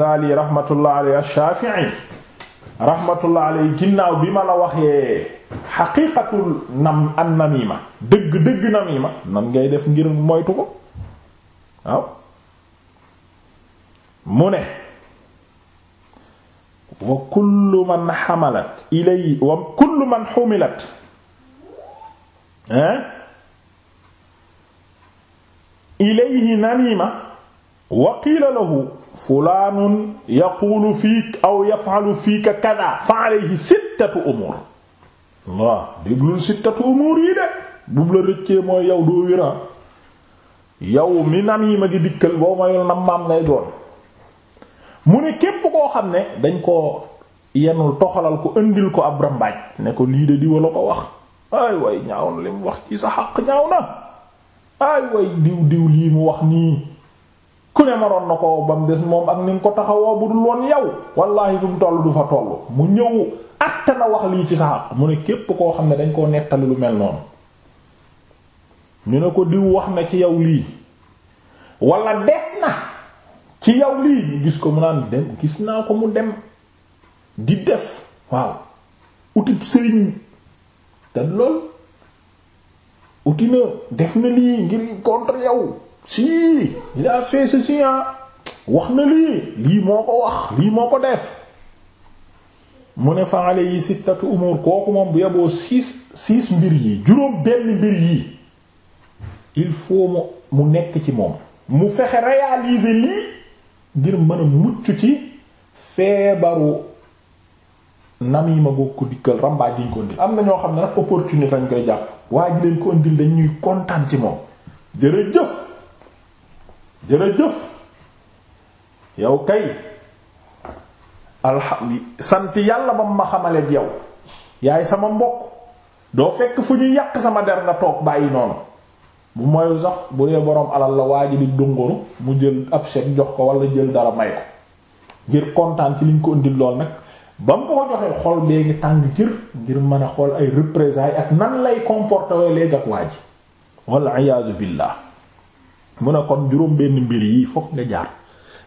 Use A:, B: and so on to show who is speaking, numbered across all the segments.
A: al-Ghazali rahmatullah alayhi ash-Shafi'i rahmatullah alayhi ginnaaw bi ma la waxee xaqiiqatul nam an namima dëgg dëgg namima nan ngay def ngir moytu ko waaw mu ne wa kullu man xamalat ilay wa kullu man xumilat hein ilayhi namima wa qiila lahu fulaanun yaqulu fiik aw yaf'alu fiika kada fa alayhi sittatu umur waaw déglul sittatu umur yi de bu la rëccee mooy yow doo wéra ah. yow mi nam yi ma ngi dikkal boo mayul nam maam ngay doon mu ne képp koo xam ne dañ ko yenul toxalal ko indil ko ab rambaaj ne ko lii de di wala ko wax ay way ñaaw li mu wax ci sa xaq ñaaw na ay way diw diw lii mu wax nii mu ne manoon na ko ba mu des moom ak ni ko taxawoo bu dul woon yow wallaahi fi mu toll du fa toll mu ñëw atta na wax lii ci sax mu ne képp koo xam ne dañ koo nettali lu mel noonu ñu ne ko diw wax na ci yow lii wala def na ci yow lii ñu gis ko mu naan dem gis naa ko mu dem di def waaw utib sëriñ te lool uti na def na lii ngir contre yow si il a fait ceci wax na lii lii moo ko wax lii moo ko def mu ne fa alayhi sittatu umur kooku moom bu yeboo six six mbir yi juróom benn mbir yi il faut mu nekk ci moom mu fexe réaliser lii ngir mën a mucc ci feebaru namima goog ko dikkal rambaaj yi ñu ko ndil am na ñoo xam ne nag opportunité lañ koy jàpp waa ji leen ko ndil dañuy kontaan ci moom jërëjëf jërëjëf yow kay alhamdi sant yàlla ba mu ma xamaleek yow yaay sama mbokk doo fekk fu ñu yàq sama der nga toog bàyyi noonu bu mayu sax bu dee boroom alal la waa ji di dungoru mu jël ab chèque jox ko wala jël dara may ko ngir kontaan ci liñ ko indil lool nag ba mu ko joxee xol bee ngi tàng jër ngir mën a xool ay représailles ak nan lay comporter léegi ak waa ji walla iyaazu billaah mu ne kon juróom benn mbir yi fokk nga jaar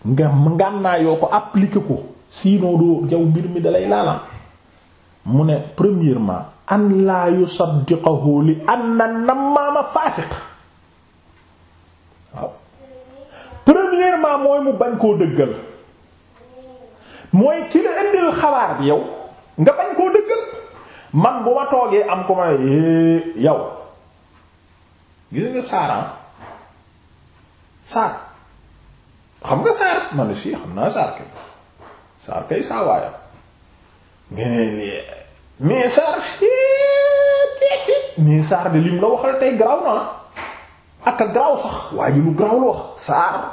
A: nga ngànnaa ko appliquer ko sinon doo jaw mbir mi dalay laalam mu ne premièrement an laa yusaddiqahu li anna nammaama faasiq waaw premièrement mooy mu bañ koo dëggal mooy ki la indil xabaar bi yow nga bañ koo dëggal man bu ma toogee am ko ma eh, yow gis nga saaraan saar xam nga saar man ne sii xam naa saar kay saar kay saa waayam ngeen mais saar mais saar de lim la waxal tey graw na ak a sax waaye lu graw la wax saar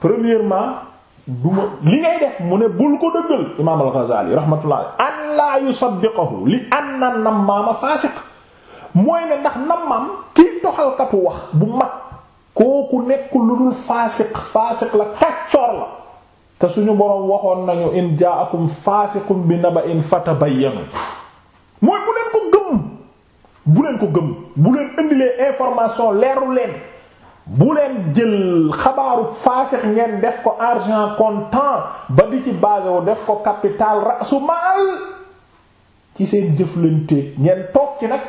A: premièrement duma li ngay def mu ne bul ko dëggal imaam al-Ghazali rahmatullah an laa yusaddiqahu li anna nammaama faasiq mooy ne ndax nammaam kiy toxal kapu wax bu mag kooku nekkul lu dul faasiq faasiq la kaccoor la te suñu boroom waxoon nañu in jaakum faasiqun bi naba'in fatabayyanu mooy bu leen ko gëm bu leen ko gëm bu leen indilee information leeru leen bu leen jël xabaaru faasix ngeen def ko argent comptant ba di ci basé wu def ko capital rasu maal ci seen jëflante ngeen toog ci nag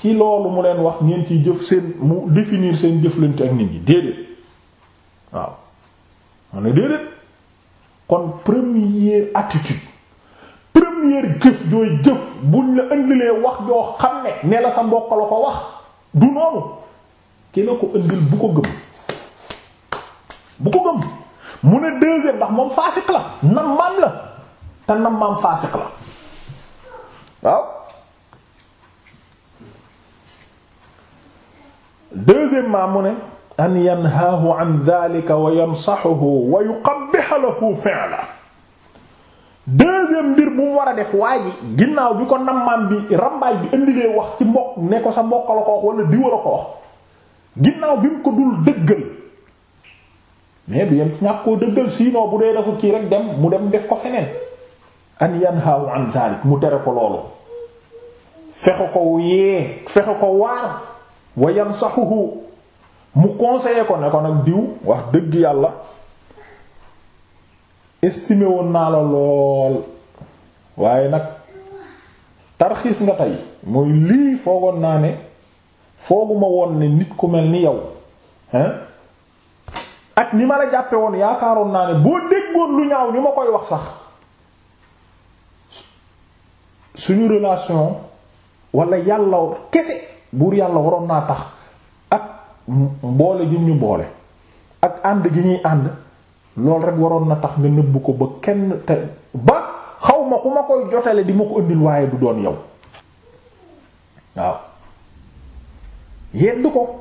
A: ci loolu mu leen wax ngeen ciy jëf seen mu définir seen jëflante ak nit ñi déedéet waaw ma ne déedéet kon première attitude première jëf jooy jëf buñ la indilee wax joo xam ne ne la sa mbokk la ko wax du noonu ki la ko indil bu ko gëm bu ko gëm mu ne deuxième ndax moom faasik la nam maam la te nam faasik la waaw deuxièmement mu ne an yanhaahu an dhalika wa yansaxuhu wa yuqabbiha mbir mu war a def waa ji ginnaaw bi ko nammaam bi rambaaj bi indilee wax ci mbokk ne ko sa la ko wax wala diwa ko wax ginnaaw bi mu koo dëggal sinon bu dee dafa dem mu dem def ko feneen an yanhaahu an dhalik fexe ko waar wa yansaxuhu mu conseiller ko ne ko nag diw wax dëgg yàlla estimé woon naa la lool waaye nag tarxiis nga tey mooy lii foogoon naa ne fooguma woon ne nit ku mel ni yow hein ak ni ma la jàppe woon yaakaaroon naa ne boo déggoon lu ñaaw ni ma koy wax sax suñu relation walla yàlla kese buur yàlla waroon naa tax ak mboole gi ñu boole ak ànd gi ñuy ànd loolu rek waroon na tax nga nëbbu ko ba kenn te ba xaw ma ku ma koy jotale di ma ko indil waaye du doon yow waaw yedd ko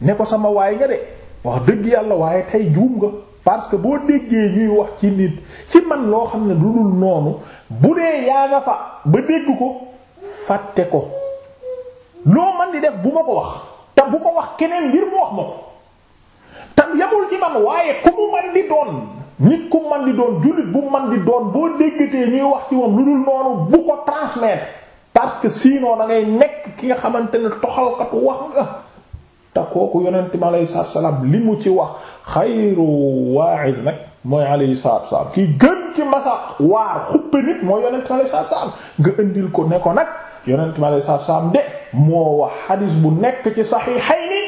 A: ne ko sama waay nga de wax dëgg yàlla waaye tey juum nga parce que boo déggee ñuy wax ci nit ci man loo xam ne lu dul noonu bu dee yaa nga fa ba dégg ko fàtte ko loo man di def bu ma ko wax te bu ko wax keneen ngir mu wax ma ko tam ci man waaye ku mu man di doon nit ku man di doon jullit bu man di doon boo déggatee ñuy wax ci moom lu dul noonu bu ko transmettre parce que sinon da ngay nekk ki nga xamante ne toxalkatu wax nga te kooku yonent mi aleyhi salaatu mu ci wax xayru waa'id nag mooy aleyhi ki gën ki masa waar nit mooy yonent mi aleyhi salaatu salaam nga indil ko ne ko nag yonent mi aleyhi salaatu salaam de moo wax xadis bu nekk ci saxiixayni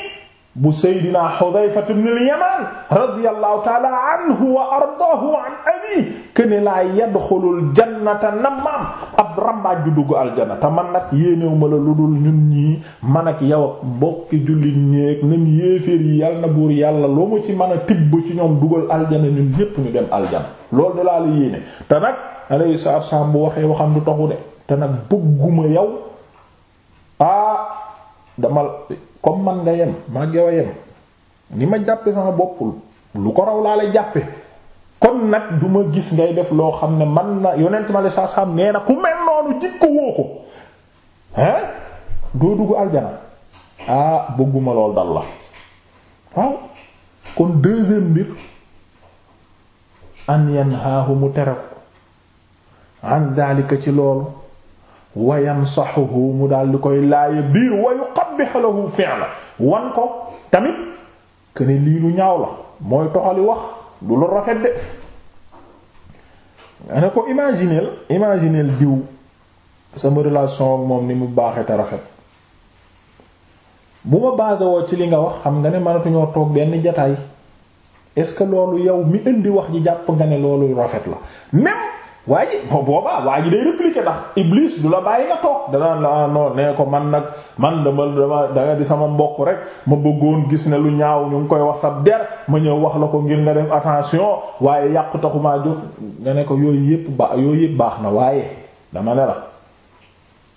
A: bu Seydina Xudayfa ibn al-Yamaan radiyallahu ta'ala anhu wa ardaahu an abi kene laa yadxulul jannata nammaam ab rambaaj ju dugg aljanna te man nag yéenewuma la lu dul ñun ñi man ak yow ak mbokki jullit ñeeg yéeféer yi na buur yàlla loo ma ci mën a tibb ci ñoom dugal aljana ñun ñépp ñu dem aljana loolu de laa la yéene te nag alayhi salaatu salaam bu waxee waxam du taxu de te nag bëgguma yow ah dama comme man nga yem maa ngi yem ni ma jàppe sama bopp lu ko raw laa la jàppe kon nag duma gis ngay def loo xam ne man na yonent ma la saa saam nee na ku mel noonu jikko woo ko hein doo dugg aljana ah bëgguma lool dal la waaw kon deuxième mbir an yanhaahu mu tere ko an daalika ci loolu wa yansaxuhu mu daal di koy laaya biir wa yuqabbih lahu fi'la wan ko tamit këne lii lu ñaaw la mooy toxali wax du lu rafet de nga ne ko imagineel imagineel diw sama relation moom ni mu baaxe te rafet bu ma basé woo ci li nga wax xam nga ne mënatuñoo toog benn jataay est-ce que loolu yow mi indi wax ji jàpp nga ne loolu rafet la même waaye bo booba waa ji day répliquer ndax Iblis du la bàyyi nga toog danaan la ah, non nee ko man nag man dama dama danga di sama mbokk rek ma bëggoon gis ne lu ñaaw ñu ngi koy wax sa der ma ñëw wax la ko ngir nga def attention waaye yàqu taxumaa jóg nga ne ko yooyu yëpp ba yooyu yépp baax na waaye dama ne la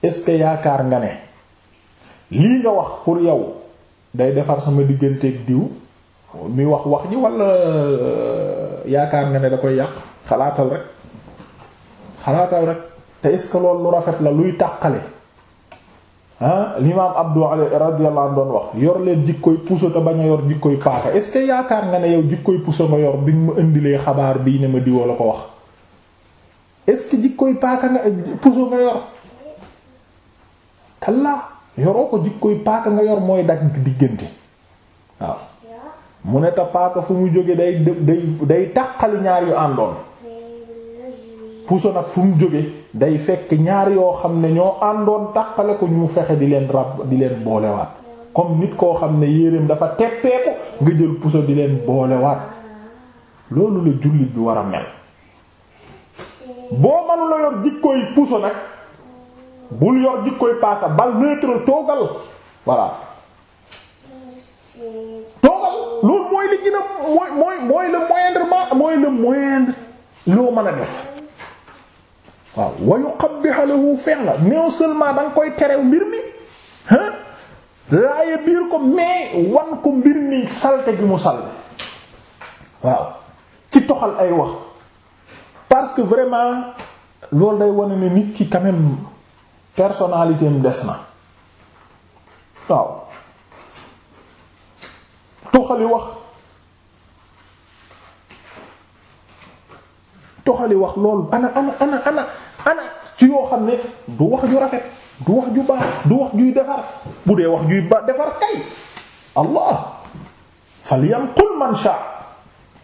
A: est-ce que yaakaar nga ne lii nga wax pour yow day defar sama digganteeg diw mi wax wax ji wala euh, yaakaar nga ne da koy yàq xalaatal rek xalaatal rek te est loolu lu rafet la luy tàqale ah l'imam Abdou radiyallahu anhu doon wax yor leen jikkoy puso te bañ a yor jikkoy paaka est yaakaar nga ne yow jikkoy puso nga yor bi nga ma indilee xabaar bii ne ma diwoo la ko wax est-ce que jikkoy paaka nga puso nga yor kallaa yoroo ko jikkoy paaka nga yor mooy dagg diggante waaw mu ne te paaka fu mu jóge day day day tàqali ñaar yu àndoon puso nag fu mu jóge day fekk ñaar yoo xam ne ñoo àndoon tàqale ko ñu mu fexe di leen rab di leen boolewaat comme nit koo xam ne yéreem dafa teppeeku nga jël puso di leen boolewaat loolu la jullit bi war a mel boo mënu la yor jikkooy puso nag bul yor jikkooy paaka bal neutre toogal voilà toogal loolu mooy li mooy mooy mooy le moindre mooy le moindre loo mën a def waaw wa yuqabbihu lahu fi'la non seulement da nga koy terew mbir mi ah laaye biir ko mais wan ko mbir mi salte gi mu sal waaw ci toxal ay wax parce que vraiment lool day wane ne nit ki quand même des na waaw toxali wax toxali wax loolu ana ana ana ana ci yoo xam ne du wax ju rafet du wax ju baax du wax juy defar bu dee wax juy ba defar kay allah falyanqul man sha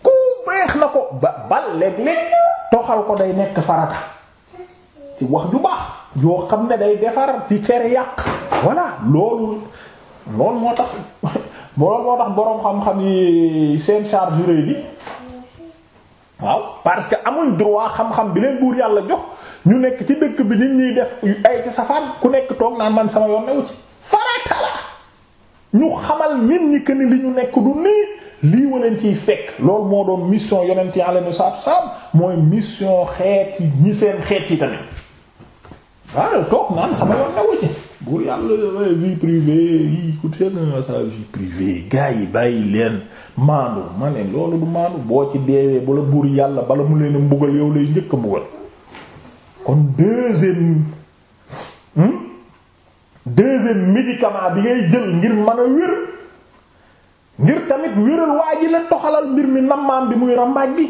A: ku beex na ko ba bal léeg-léeg toxal ko day nekk farata ci wax ju baax yoo xam ne day defar ci tere yàq voilà loolu loolu moo tax moo tax boroom xam-xam yi seen charge réy bi waaw parce que amuñ droit xam-xam bi leen buur yàlla jox ñu nekk ci dëkk bi nit ñuy def ay ci safaan ku nekk toog naan man sama yoon newu ci farata la ñu xamal nit ñi que ni li ñu nekk du nii lii waleen ciy fekk loolu moo doon mission yonent yi alayhi salaam mooy mission xeet ñi seen xeet yi tamit waaw toog naan sama yoon newu ci buur yàlla vie privée yi ku leen maandu ma ne loolu du maandu boo ci deewee bala buur yàlla bala mu leen a mbugal yow lay njëkk a mbugal kon deuxième hmm? deuxième médicament bi ngay jël ngir man a wér ngir tamit wéral waa ji la toxalal mbir mi nammaam bi muy rambaaj bi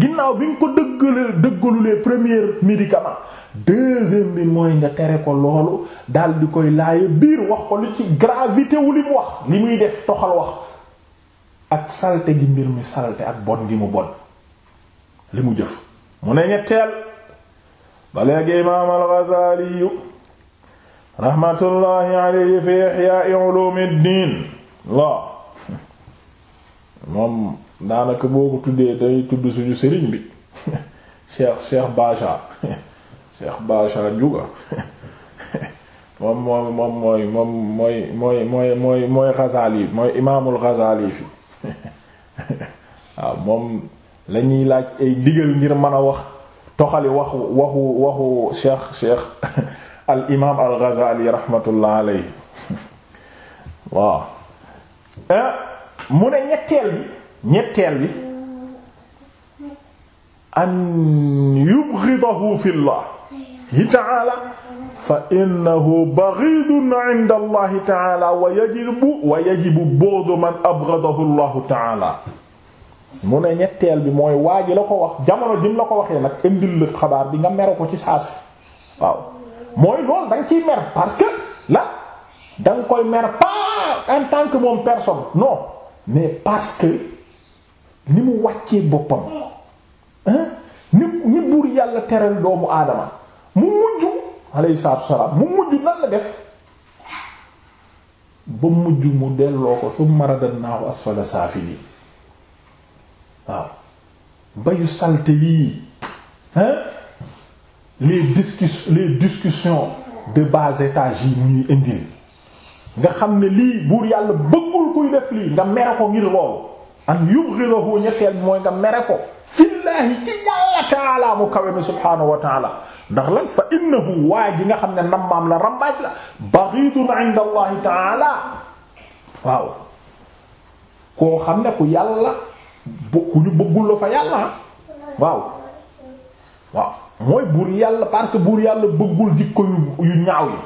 A: ginnaaw bi nga ko dëggalee dëggalulee premier médicament deuxième bi mooy nga tere ko loolu dal di koy laaye biir wax ko lu ci gravité wu li wax li muy def toxal wax ak salte gi mbir mi salte ak bon gi mu bon li mu jëf mu ne ñetteel ba léegi imaam al-Ghazali rahmatullahi alayhi fi ihya la moom daanaka boo ko tuddee day tudd suñu sëriñ bi cheikh cheikh Bacha cheikh Bacha juga moom moom moom mooy moom mooy mooy mooy mooy mooy Ghazali mooy imaamul Ghazali fi waaw moom lañuy laaj ay digal ngir mën a wax toxali waxu waxu waxu cheikh cheikh al imaam al Ghazali rahmatullah alayhi waaw eh, mu ne ñetteel bi ñetteel bi an yubghidahu fillah ta'ala fa innahu baghidun 'inda Allah ta'ala wa yajibu wa yajibu bughdu man abghadahu Allah ta'ala mu ne ñetteel bi mooy waa ji la ko wax jamono jim la ko waxee nag indil la xabaar bi nga meru ko ci saasi waaw mooy loolu da nga ciy mer parce que la da koy mer pas tant que moom personne non mais parce que ni mu wàccee boppam hein ni buur yàlla teral doomu aadama mu mujj alayhi salaatu salaam mu mujj nan la def ba mujj mu delloo ko su maradan naaw asfala saafili waaw bayu salte yii hein les discus de bas étage yi mu ñuy indil nga xam ne lii buur yàlla bëggul kuy def lii nga mere ko ngir loolu an yubghidahu ñetteel bi mooy nga mere ko fillaahi ci yàlla taala mu kawe mi subhaanahu wa taala ndax lan fa innahu waa ji nga xam ne nammaam la rambaaj la baghidun 'inda allahi taala waaw koo xam ne ku yàlla ku ñu bëggul la fa yàlla ah. waaw waaw mooy buur yàlla parce que buur yàlla bëggul jikko yu yu ñaaw yi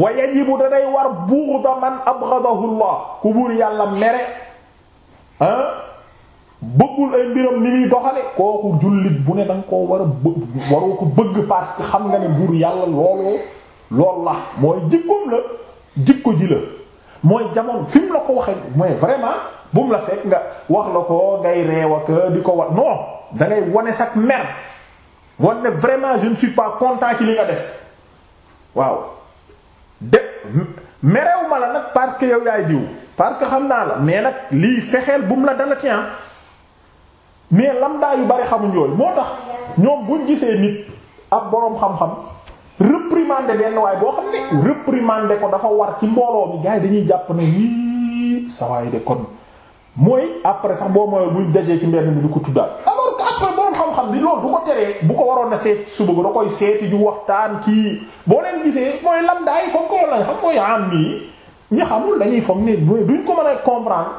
A: wa yajibu da day war bughda man abghadahu Allah ku buur yàlla mere ah. bëggul ay mbiram mi muy doxale kooku jullit bu ne danga koo war a bëgg waroo ko bëgg parce xam nga ne buur yàlla looloo lool la mooy jikkoom la jikko ji la mooy jamono fi la ko waxee mooy vraiment bu la fekk nga wax la ko ngay reew ak di ko wa non da ngay wane sax mer wan ne vraiment je ne suis pas content ci li nga def waaw de merew ma la nag parce que yow yaay diw parce que xam naa la mais nag lii fexeel bu mu la dala ci ah. mais lamda yu bari xamuñ yooyu moo tax ñoom buñ gisee nit ak boroom xam-xam réprimander benn waaye boo xam ne réprimander ko dafa war ci mbooloo mi gars yi dañuy jàpp ne yii sawaay de kon mooy après sax boo mooy buñ dajee ci mbedd mi du ko tuddaat alors que après borom xam-xam bi loolu du ko teree bu ko waroon a seeti suba ba da koy seeti ju waxtaan kii boo leen gisee mooy lamdaay comme ko lañ xam mooy am nii ñi xamul dañuy ni duñ ko mën a comprendre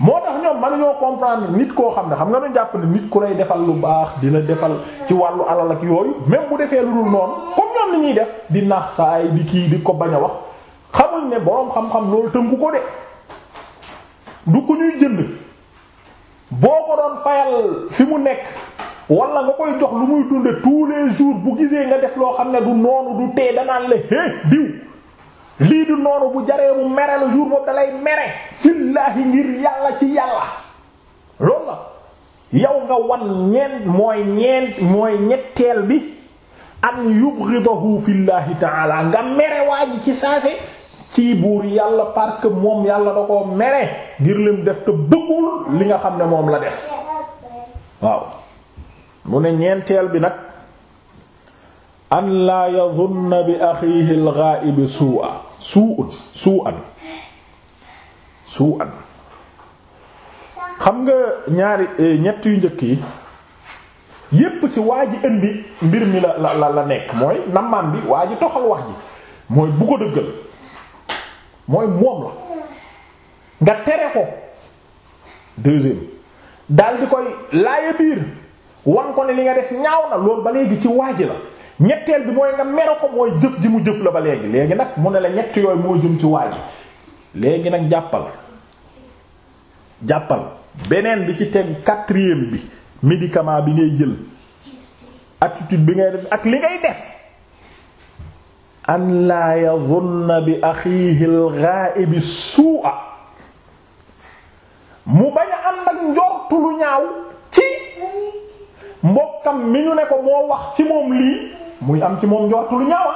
A: moo tax ñoom mënuñoo comprendre nit koo xam ne xam nga nu jàpp ne nit ku lay defal lu baax dina defal ci wàllu alal ak yooyu même bu defee lu dul noonu comme ñoom ni ñuy def di nax saay di kii di ko bañ a wax xamuñ ne borom xam-xam loolu tënku ko de. du ku ñuy jënd boo ko doon fayal fi mu nekk wala nga koy jox lu muy dunde tous les bu gisee nga def loo xam ne du noonu du tee danaan la hé diw lii du noonu bu jaree mu mere la jour boobu dalay mere fillaahi ngir yàlla ci yàlla loolu la yow nga wan ñeent mooy ñeent mooy ñetteel bi an yubghidahu fillaahi ta'ala nga mere waa ji ci saase ci buur yàlla parce que moom yàlla da ko mere ngir lim def te bëggul li nga xam ne moom la def waaw mu ne ñeenteel bi nag an laa yadunna bi axiihi al-ghaa'ib suu'a suu'un suu'an suu'an xam nga ñaari eh, ñett yu njëkk yi yépp ci waa ji indi mbir mi la la la nekk mooy nammaan bi waa ji toxal wax ji mooy bu ko dëggal mooy moom la nga tere ko deuxième daal di koy laaya biir wan ko ne li nga def ñaaw na loolu ba léegi ci waaji la ñetteel bi mooy nga mero ko mooy jëf ji mu jëf la ba léegi léegi nag mu ne la ñett yooyu moo jëm ci waaji léegi nag jàppal jàppal beneen bi ci teg quatrième bi médicament bi ngay jël attitude bi ngay def ak li ngay des an laa yadunna bi axiihi al-ghaa'ib suu'a mu bañ a am nag njortu lu ñaaw ci mbokkam mi ñu ne ko moo wax ci moom lii muy am ci moom njortu lu ñaaw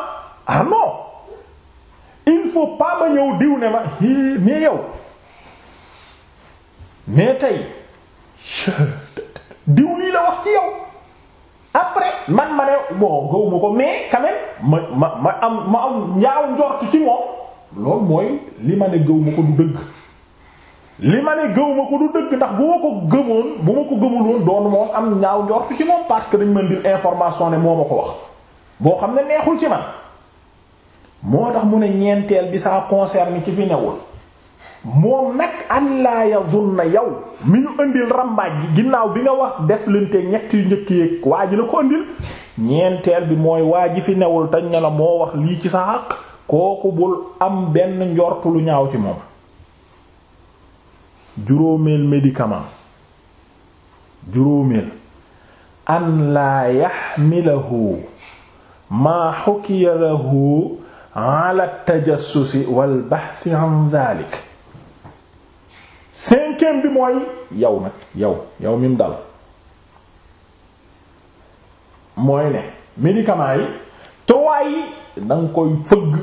A: ah il faut pas ma ñëw diw ne ma hii yow mais tey diw lii la wax ci yow. après man ma ne bon gëwuma ko mais quand ma ma ma am ma am ñaaw njort ci moom loolu mooy li ma ne gëwuma ko du dëgg li ma ne gëwuma ko du dëgg ndax bu ko gëmoon bu ma ko gëmul doonu moom am ñaaw njort ci moom parce que dañ mën di information ne moo ma ko wax boo xam ne neexul ci man moo tax mu ne ñeenteel bi ça concerne ci fi newul moom nag an laa na yow mi ñu indil rambaaj gi ginnaaw bi nga wax def lente ñett yu njëkk yeeg waa ji la ko indil ñeenteel bi mooy waa ji fi newul tañ ne la moo wax lii ci sa xaq kooku bul am benn njort lu ñaaw ci moom juróomeel médicament juróomeel an laa ma maa xukiya lahu ala tajassusi wal bahthi an dhalik cinquième bi mooy yow nag yow yow mi dal mooy ne médicament yi trois yi da koy fëgg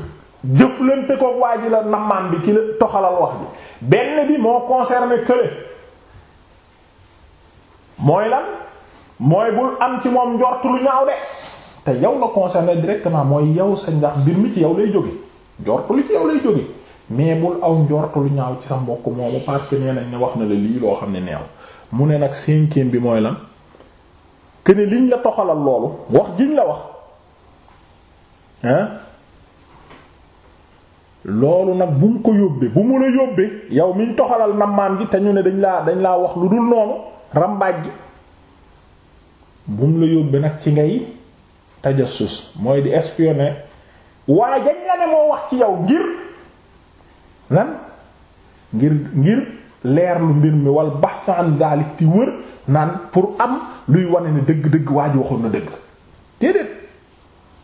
A: jëflante ko waa ji la namaan bi ki la toxalal wax bi benn bi moo concerné kële mooy lan mooy bul am ci moom njort lu ñaaw de te yow na concerné directement mooy yow sa ndax mbir mi ci yow lay jóge njort lu ci yow lay jóge mais bul aw njort lu ñaaw ci sax mbokk moomu parce que nee nañ ne wax na la lii loo xam ne neew mu ne nag cinquième bi mooy lan que ne liñ la toxalal loolu wax jiñ la wax ah loolu nag bu mu ko yóbbee bu mu la yóbbee yow miñ toxalal na nammaam gi te ñu ne dañ laa dañ laa wax lu dul noonu rambaaj gi bu mu la yóbbee nag ci ngay tajassus mooy di espionner waaye dañ la ne moo wax ci yow ngir. lan ngir ngir leerlu mbir mi wal bahth an dalik ti wër naan pour am luy wane ne dëgg-dëgg waa ji waxoon na dëgg déedéet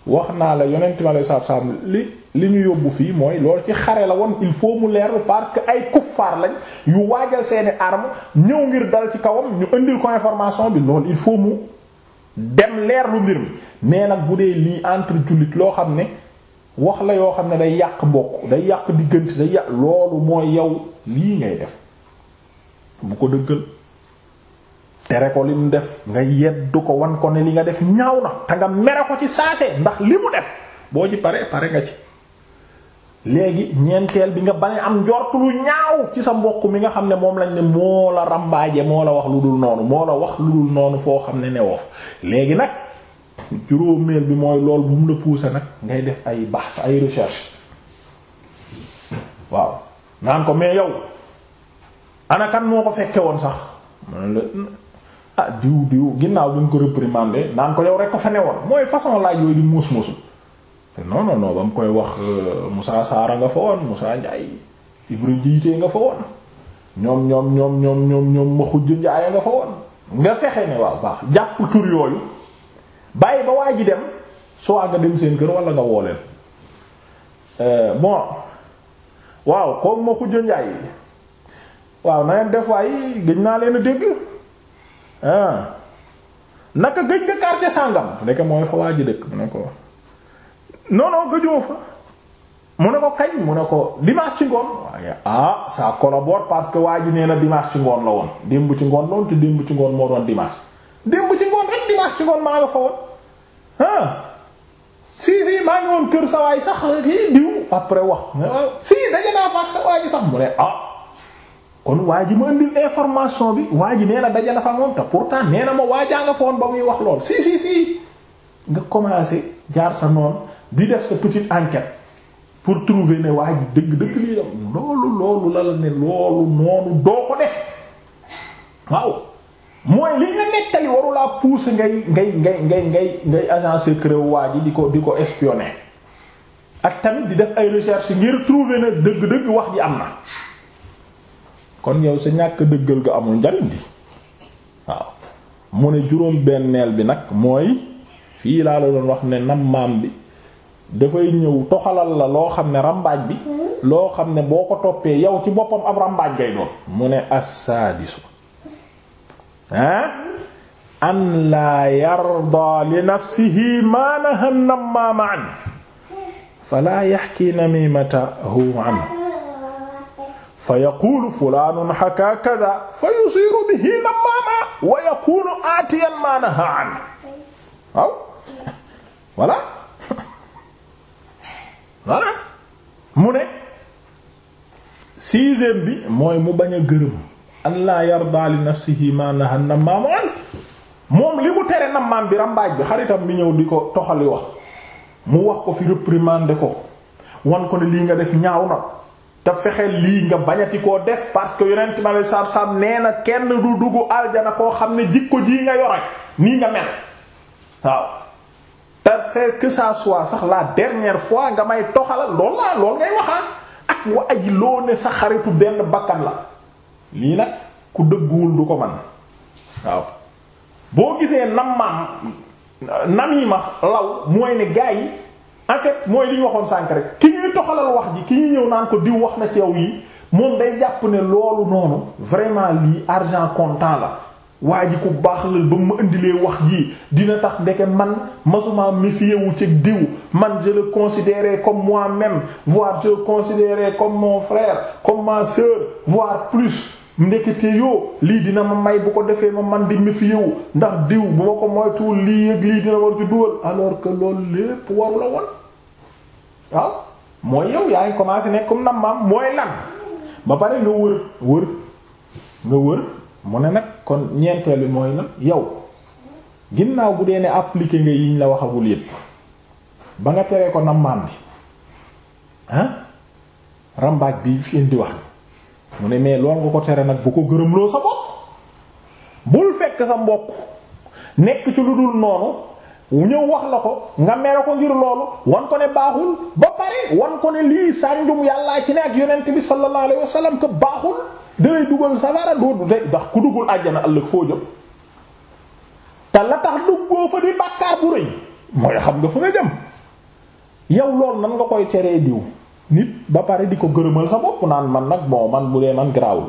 A: wax naa la yonent mi alei satu salaam li li ñu yóbbu fii mooy lool ci xare la woon il faut mu leerlu parce que ay kuffaar lañ yu waajal seeni arme ñëw ngir dal ci kawam ñu indil ko information bi loolu il faut mu dem lu mbir mi mais nag bu dee lii entre jullit loo xam ne wax la yoo xam ne day yàq mbokk day yàq diggante day yàq loolu mooy yow lii ngay def bu ko dëggal tere ko li mu def nga yeddu ko wan ko ne li nga def ñaaw na te nga mere ko ci saase ndax li mu def boo ci pare pare nga ci léegi ñeenteel bi nga bane am njort ñaaw ci sa mbokk mi nga xam ne moom lañ ne moo la rambaaje moo la wax lu dul noonu moo la wax lu dul noonu foo xam ne newoof léegi nag juróomeel bi mooy lool bu mu la pousser nag ngay def ay bahs ay recherche waaw naan ko mais yow ana kan moo ko fekke woon sax man la ah, diw diw ginnaaw buñ nga ko réprimander naan ko yow rek ko fa ne woon mooy façon laaj yooyu di muus muusu te non non ba mu koy wax euh, Moussa Saara nga fa woon Moussa Ndiaye Ibrahima Diité nga fa woon ñoom ñoom ñoom ñoom ñoom ñoom Maxuj Ndiaye nga fa woon nga fexe ne waaw baax jàpp tur yooyu. bàyyi ba waa ji dem soo nga dem seen kër wala nga woo leen euh, waaw comme ma xujj njaay waaw na ngeen def waay gëj naa leen a dégg ah naka gëj nga quartier sàngam fu nekk mooy fa waa dëkk mu ne ko non non gëjoo fa mu ne ko kañ mu ne ko dimanche ci ngoon waaye ah ça collabore parce que waa ji nee na dimanche ci ngoon la woon démb ci ngoon la woon te démb ci ngoon moo doon dimanche démb ci ngoon dimanche ci ngoon maa nga fa woon ah si si maa ngi woon kër sa waay sax après wax ah, si daje naa sa waay sax mu ne ah kon waa ji ma indil information bi waa ji nee na daje na fa moom te pourtant nee ma waajaa nga fa ba muy wax lool si si si nga commencé jaar sa noonu di def sa petite enquête pour trouver ne waa dëgg dëgg lii la loolu loolu la la ne loolu noonu doo ko def waaw. mooy li nga nettali warulaa pousser ngay ngay ngay ngay ngay ngay agent secret waa di ko di ko espionner ak tamit di def ay recherche ngir trouver na dëgg-dëgg wax ji am na kon yow sa ñàkk dëggal ga amul njariñ di waaw mu ne juróom benneel bi nag mooy fii laa la doon wax ne nam maam bi dafay ñëw toxalal la loo xam ne rambaaj bi loo xam ne boo ko toppee yow ci boppam ab rambaaj ngay doon mu ne assaadisu ah an laa yarda li nafsihi maa naha nammaama an fala yaxki namimatahu an fa yaquulu fulaanun xakaa kada fa yusiiru bihi nammaama wa yakuunu aatiyan maa naha an waaw voilà voilà mu ne sixième bi mooy mu bañ a gërëm an laa yarda li nafsihi ma naha namaamu an moom li mu tere namaam bi rambaaj bi xaritam bi ñëw di ko toxali wax mu wax ko fi réprimander ko wan ko ne lii nga def ñaaw na te fexe lii nga bañati koo def parce que yonent ma lee saab saab nee na kenn du duggu aljana koo xam ne jikko ji nga yore nii nga mel waaw te c'est que ça soit sax la dernière fois nga may toxalal lool laa lool ngay waxaa ah. ak waa ji loo ne sa xaritu benn bakkan la lii nag ku dëgguwul du ko man waaw boo gisee nam maam ma law mooy ne gaa yi en fait mooy li ñu waxoon sànk rek ki ñuy toxalal wax ji ki ñuy ñëw naan ko diw wax na ci yow lii moom day jàpp ne loolu noonu vraiment lii argent comptant la waa ji ku baax la ba mu indilee wax ji dina tax ndeke man masuma méfier wu ci diw man je le considérais comme moi-même voire je le considérais comme mon frère comme ma sœur voire plus ndekete yoo lii dina ma may bu ko defee ma man di méfiyewu ndax diw bu ma ko moytuwul lii ak lii dina war ci dugal alors loolu lépp waru la woon waaw mooy yow yaa ngi commencé nekk comme nam maam mooy lan ba pare nga wër wër nga wër mu ne nag kon ñeenteel bi mooy lan yow ginnaaw bu dee ne appliqué nga yiñ la waxagul yépp ba nga teree ko nam maam bi ah rambaaj bi fi indi wax. mu ne mais lool nga ko tere nag bu ko gërëmloo sa bopp bul fekk sa mbokk nekk ci lu dul noonu ñëw wax la ko nga mere ko ngir loolu wan ko ne baaxul ba pare wan ko ne lii sànjum yàllaa ci ne ak yonent bi sallallahu alayhi wasallam ko baaxul dalay dugal safara doodu ndax ku duggul àjjana ëllëg foo jëm te la tax duggoo fa di bàkkaar bu rëy mooy xam nga fa nga jëm yow loolu nan nga koy teree diw nit ba pare di ko gërëmal sa bopp naan man nag bon man bu dee man garaawul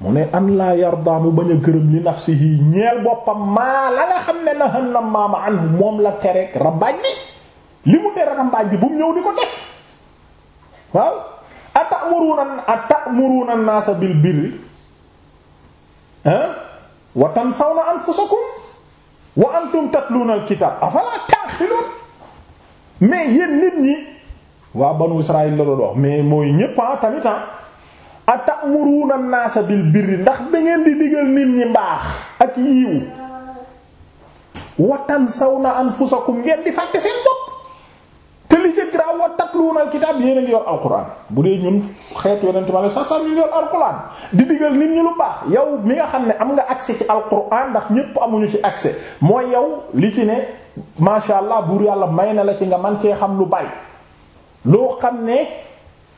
A: mu ne an laa yarda mu bañ a gërëm li nafsihi ñeel boppam maa la nga xam ne nahan na maama an moom la tere rambaaj bi li mu tere rambaaj bi bu mu ñëw di ko def waaw atamuruna atamuruna an-nasa bil birri ah? wa tansawna anfusakum wa antum tatluna al-kitab afala ta'qilun mais yéen nit ñi waa banu Israël la doon wax mais mooy ñéppa ah tamit a ah, atamuruna naasa bil birri ndax da ngeen di digal nit ñi mbaax ak yiiw wa tansawna anfusakum ngeen di fàtte seen bopp te li ci graw wa tatluuna alkitaab yéen a ngi yor alquran bu dee ñun xeet yonente ma la sax sax ñu ngi yor alquran di digal nit ñi lu mbaax yow mi nga xam ne am nga accès ci alquran ndax ñépp amuñu ci accès mooy yow li ci ne masha allah buur yàlla may na la ci nga man cee xam lu bari loo xam ne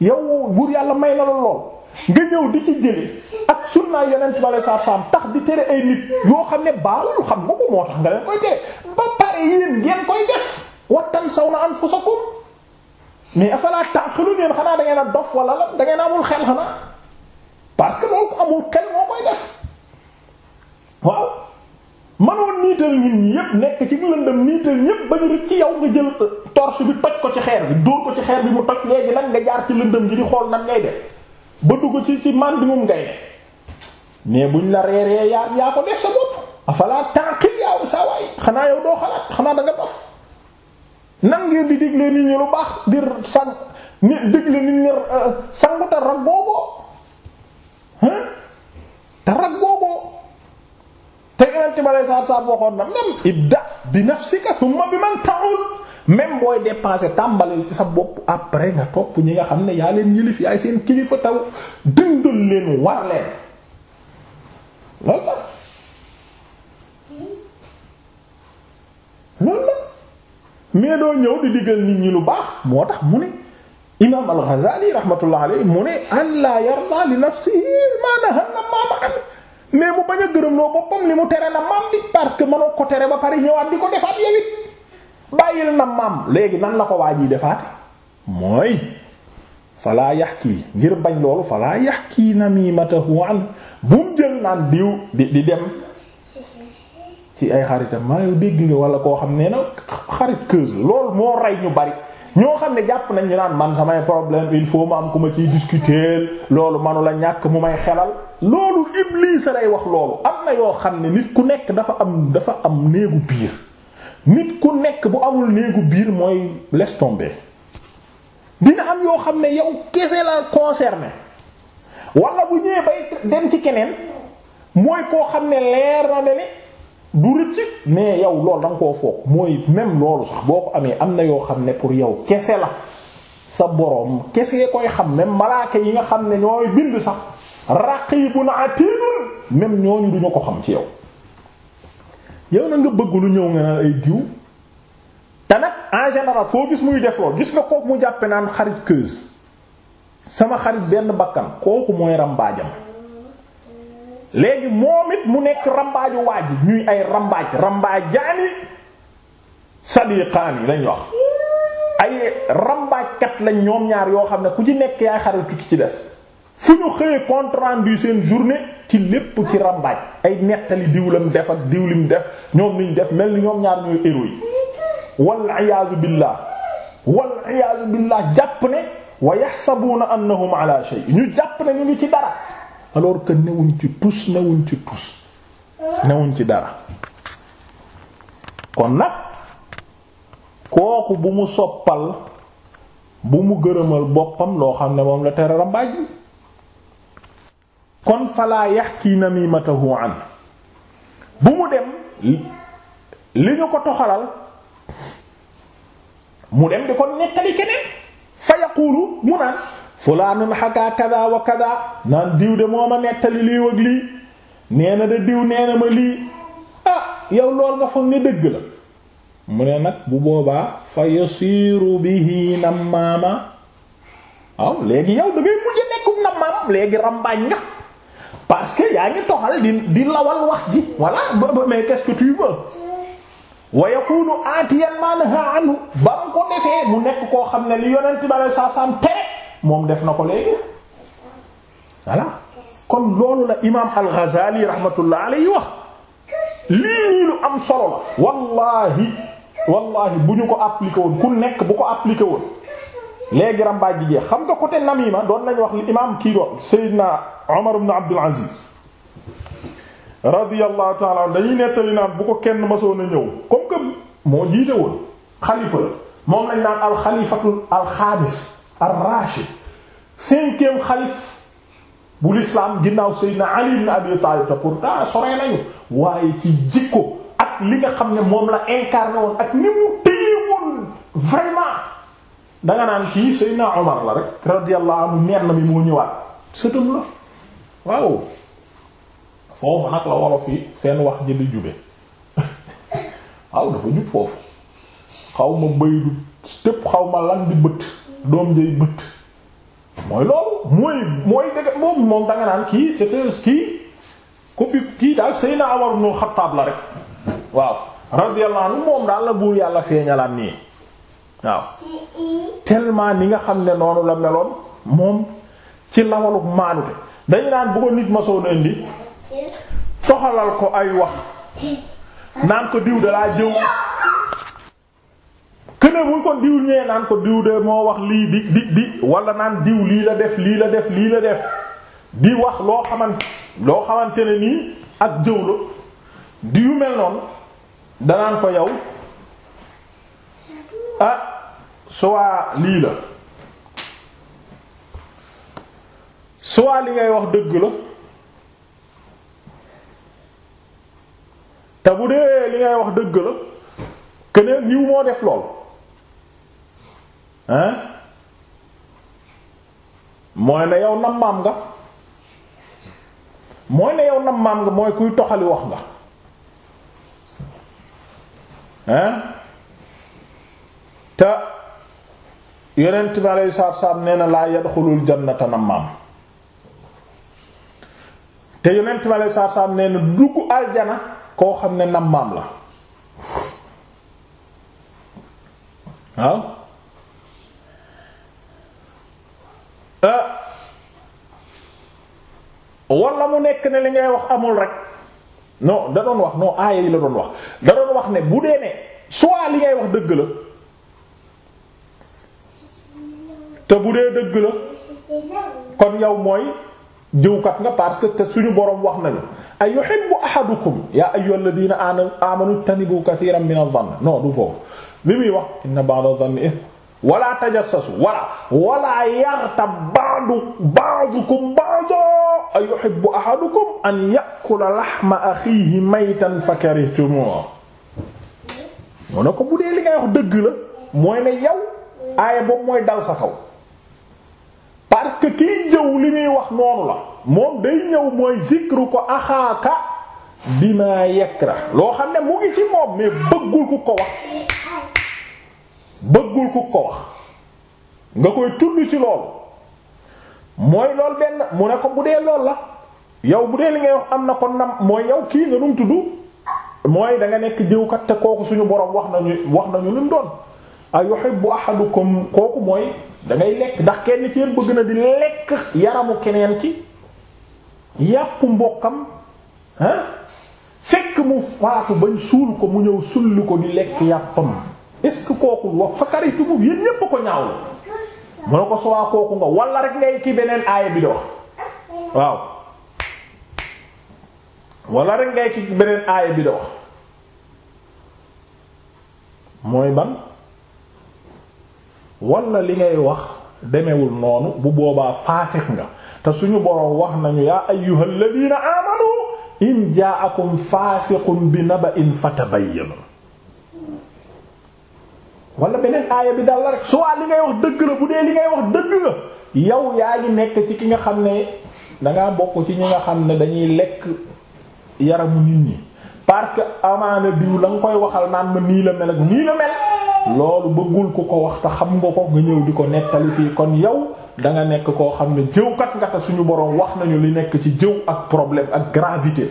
A: yow buur yàlla may na la lool nga ñëw di ci jële ak sunna yonent bi alayhi salaam tax di tere ay nit yoo xam ne baaxul xam nga ko moo tax nga leen koy tere ba pare yéen ngeen koy def wa tansawna anfusakum mais afala ta'qilun yéen xanaa da a dof wala la da amul xel xanaa parce que loolu amul xel moo koy def waaw. manoon niital nit ñi yépp nekk ci lëndëm niital ñépp ba ñu rëcc ci yow nga jël euh, torche bi toj ko ci xeer bi dóor ko ci xeer bi mu toj léegi nag nga jaar ci lëndëm gi di xool nag ngay def ba dugg ci ci màndimum ngay def mais buñ la reeree yaa yaa ko def sa bopp afala tànqil yaaw saa waay xanaa yow doo xalaat xanaa da dof nan ngeen di dégle nit ñi lu baax di sang ni digle nit ñi euh, sangu te rag booboo te rag booboo te yonent bi aleyhi salaatu salaam waxoon na même ibda bi nafsika thumma bi man ta'ul même booy dépenser tàmbaleel ci sa bopp après nga topp ñi nga xam ne yaa leen yilif yaay seen kilifa taw dundal leen war leen loolu la la mais doo ñëw di diggal nit ñi lu baax moo tax mu ne imaam al-Ghazali mu ne an la yarda li nafsihi ma nahanna ma mais mu bañ a gërëm loo boppam li mu tere na maam bi parce que mënoo ko tere ba pare ñëwaat di ko defaat yow it bàyyil na maam léegi nan la ko waa ji defaat mooy falaa yax kii ngir bañ loolu falaa yax kii namimatahu an bu mu jël naan diw di di dem ci ay xaritam maa yow dégg nga wala koo xam ne na xarit kër loolu moo rey ñu bari ñoo xam ne jàpp nañ ñu naan man samay problème il faut ma am ku ma ciy discuter loolu manu la ñàkk mu may xelal loolu Iblis lay wax loolu am na yoo xam ne nit ku nekk dafa am dafa am néegu biir nit ku nekk bu amul néegu biir mooy laisse tomber dina am yoo xam ne yow kese la concerné wala bu ñëwee bay dem ci keneen mooy koo xam ne leer na ne du rëcc mais yow loolu da nga koo foog mooy même loolu sax boo ko amee am na yoo xam ne pour yow kese la sa boroom kese koy xam même malaaka yi nga xam ne ñooy bind sax raqibun atid même ñooñu duñu ko xam ci yow yow na nga bëgg lu ñëw nga naan ay diw te nag en général foo gis muy defoo gis nga kooku mu jàppe naan xarit keuse sama xarit benn bakkan kooku mooy rambaajam léegi moom mu nekk rambaaju waaj ñuy ay rambaaj rambaajaani sadiqaani lañ wax ay rambaajkat lañ ñoom ñaar yoo xam ne ku ci nekk yaay xaritu ki ci des fu ñu xëyee compte rendu seen journée ci lépp ci rambaaj ay nettali diwlam def ak diwlim def ñoom niñ def mel ni ñoom ñaar ñooy héros yi wal iyaadu billah wal iyaadu billah jàpp ne wa yaxsabuuna annahum ala shay ñu jàpp ne ñu ngi ci dara alors que newuñ ci tus newuñ ci tus newuñ ci dara kon nag kooku bu mu soppal bu mu gërëmal boppam loo xam ne moom la tere rambaaj bi kon falaa yaxki namimatahu an bu mu dem li ñu ko toxalal mu dem di ko nettali keneen fa yaqulu mu naan fulaanun xakaa kada wa kada naan diw de moo ma nettali lii wag lii nee na diw nee ma lii ah yow lool nga foog ne dëgg la mu ne nag bu boobaa fa yasiru yow que yaa ngi toxal di di lawal wax ji voilà mais qu'est-ce que tu veux wa yakunu atiyan ma naha anhu ba mu ko defee mu nekk koo xam ne li yonent bi sallallahu alayhi moom def na ko léegi voilà kon loolu la imaam al-Ghazali rahmatullah alayhi wax lii nii am solo la wallahi wallahi bu ñu ko appliqué woon ku nekk bu ko appliqué woon léegi rambaaj ji jeex xam nga côté namima doon nañu wax li imaam kii doon Seydina Omar ibn Abdul Aziz radiyallahu ta'ala anhu dañuy nettali naan bu ko kenn masoon a ñëw comme que moo jiite woon xalifa ar-Rashid cinquième xalif bu lislaam ginnaaw Seydina Ali ibn Abi Talib te pourtant sore nañu waaye ci jikko ak li nga xam ne moom la incarné woon ak ni mu téye woon vraiment danga naan kii Seydina Omar la rek radiyallahu anhu meen na mi moo ñëwaat sëtam la waaw foofu nag la wolof yi seen wax ji di jube waaw dafa jub foofu xaw ma bëy du tëb xaw ma lan di bët doom jay bët mooy loolu mooy mooy dëgg moom moom da naan kii c'était kii copie kii daal Seydina Umar ibn Xattaab la rek waaw radiyallahu anhu moom daal la buur yàlla feeñalaan nii waaw tellement ni nga xam ne noonu la meloon moom ci lawaluk maanute dañu naan bu ko nit masoon indi toxalal ko ay wax naan ko diw dalaa jëw këne bu ko diw ñee naan ko diw de moo wax lii di di di wala naan diw lii la def lii la def lii la def di wax loo xamante loo xamante ne nii ak jëw la di yu mel noonu danaan ko yow ah soit lii la soit li ngay wax dëgg la te bu dee li ngay wax dëgg la que ne niw moo def lool hein mooy ne yow nammaam nga mooy ne yow nammaam nga mooy kuy toxali wax nga hein te yonent bi aleyhi salaatu salaam nee na laa yadxulul jannata nammaam te yonent bi aleyhi salaatu salaam nee na dugg aljana koo xam ne nammaam la waaw Ah. wala mu nekk ne li ngay wax amul rek no da doon wax non aaya yi la doon wax da doon wax ne bu dee ne soit li ngay wax dëgg la te bu dee dëgg la kon yow mooy jëwkat nga parce que te suñu boroom wax nañu ay yuhibbu ahadukum ya ayyuhal ladina amanu tanibu kathiran min adh-dhann non du foofu li muy wax inna ba'da dhanni wala tajassasu wala wala yaghtab ba'du ba'dukum ba'dan ayuhibbu ahadukum an ya'kula lahma akhihi maytan fakarihtumuh mu ne ko bu dee li ngay wax dëgg la mooy ne yow aaya boobu mooy dal sa kaw parce que kiy jëw li muy wax noonu la moom day ñëw mooy zikru ko axaaka bima yakra loo xam ne mu ngi ci moom mais bëggul ku ko wax bëggul ku ko wax nga koy tudd ci loolu mooy lool benn mu ne ko bu dee lool la yow bu dee li ngay wax am na ko nam mooy yow kii nga num tudd mooy da nga nekk jëwkat te kooku suñu boroom wax nañu wax nañu lim doon bu yuhibbu ahadukum kooku mooy da ngay lekk ndax kenn ci yéen bëgg na di lekk yaramu keneen ci yàpp mbokkam ah fekk mu faatu bañ suul ko mu ñëw sulli ko di lekk yàppam est-ce que kooku wax fa kari tumu yéen ñépp ko ñaawlu mu ne ko sowaa kooku nga wala rek ngay ki beneen aaya bi di wax waaw wala rek ngay ki beneen aaya bi di wax mooy ban wala li ngay wax demewul noonu bu boobaa faasix nga te suñu boroom wax nañu yaa ayyuhal ladina amanu in ja'akum faasiqun bi naba'in fatabayyanu wala beneen aaya bi dal la rek soit li ngay wax dëgg la bu dee li ngay wax dëgg la yow yaa ngi nekk ci ki nga xam ne dangaa bokk ci ñi nga xam ne dañuy lekk yaramu nit ñi parce que amaana diw la nga koy waxal naan ma nii la mel ak nii la mel loolu bëggul ku ko wax te xam nga ko nga ñëw di ko nettali fii kon yow danga nekk koo xam ne jëwkat nga te suñu boroom wax nañu li nekk ci jëw ak problème ak gravité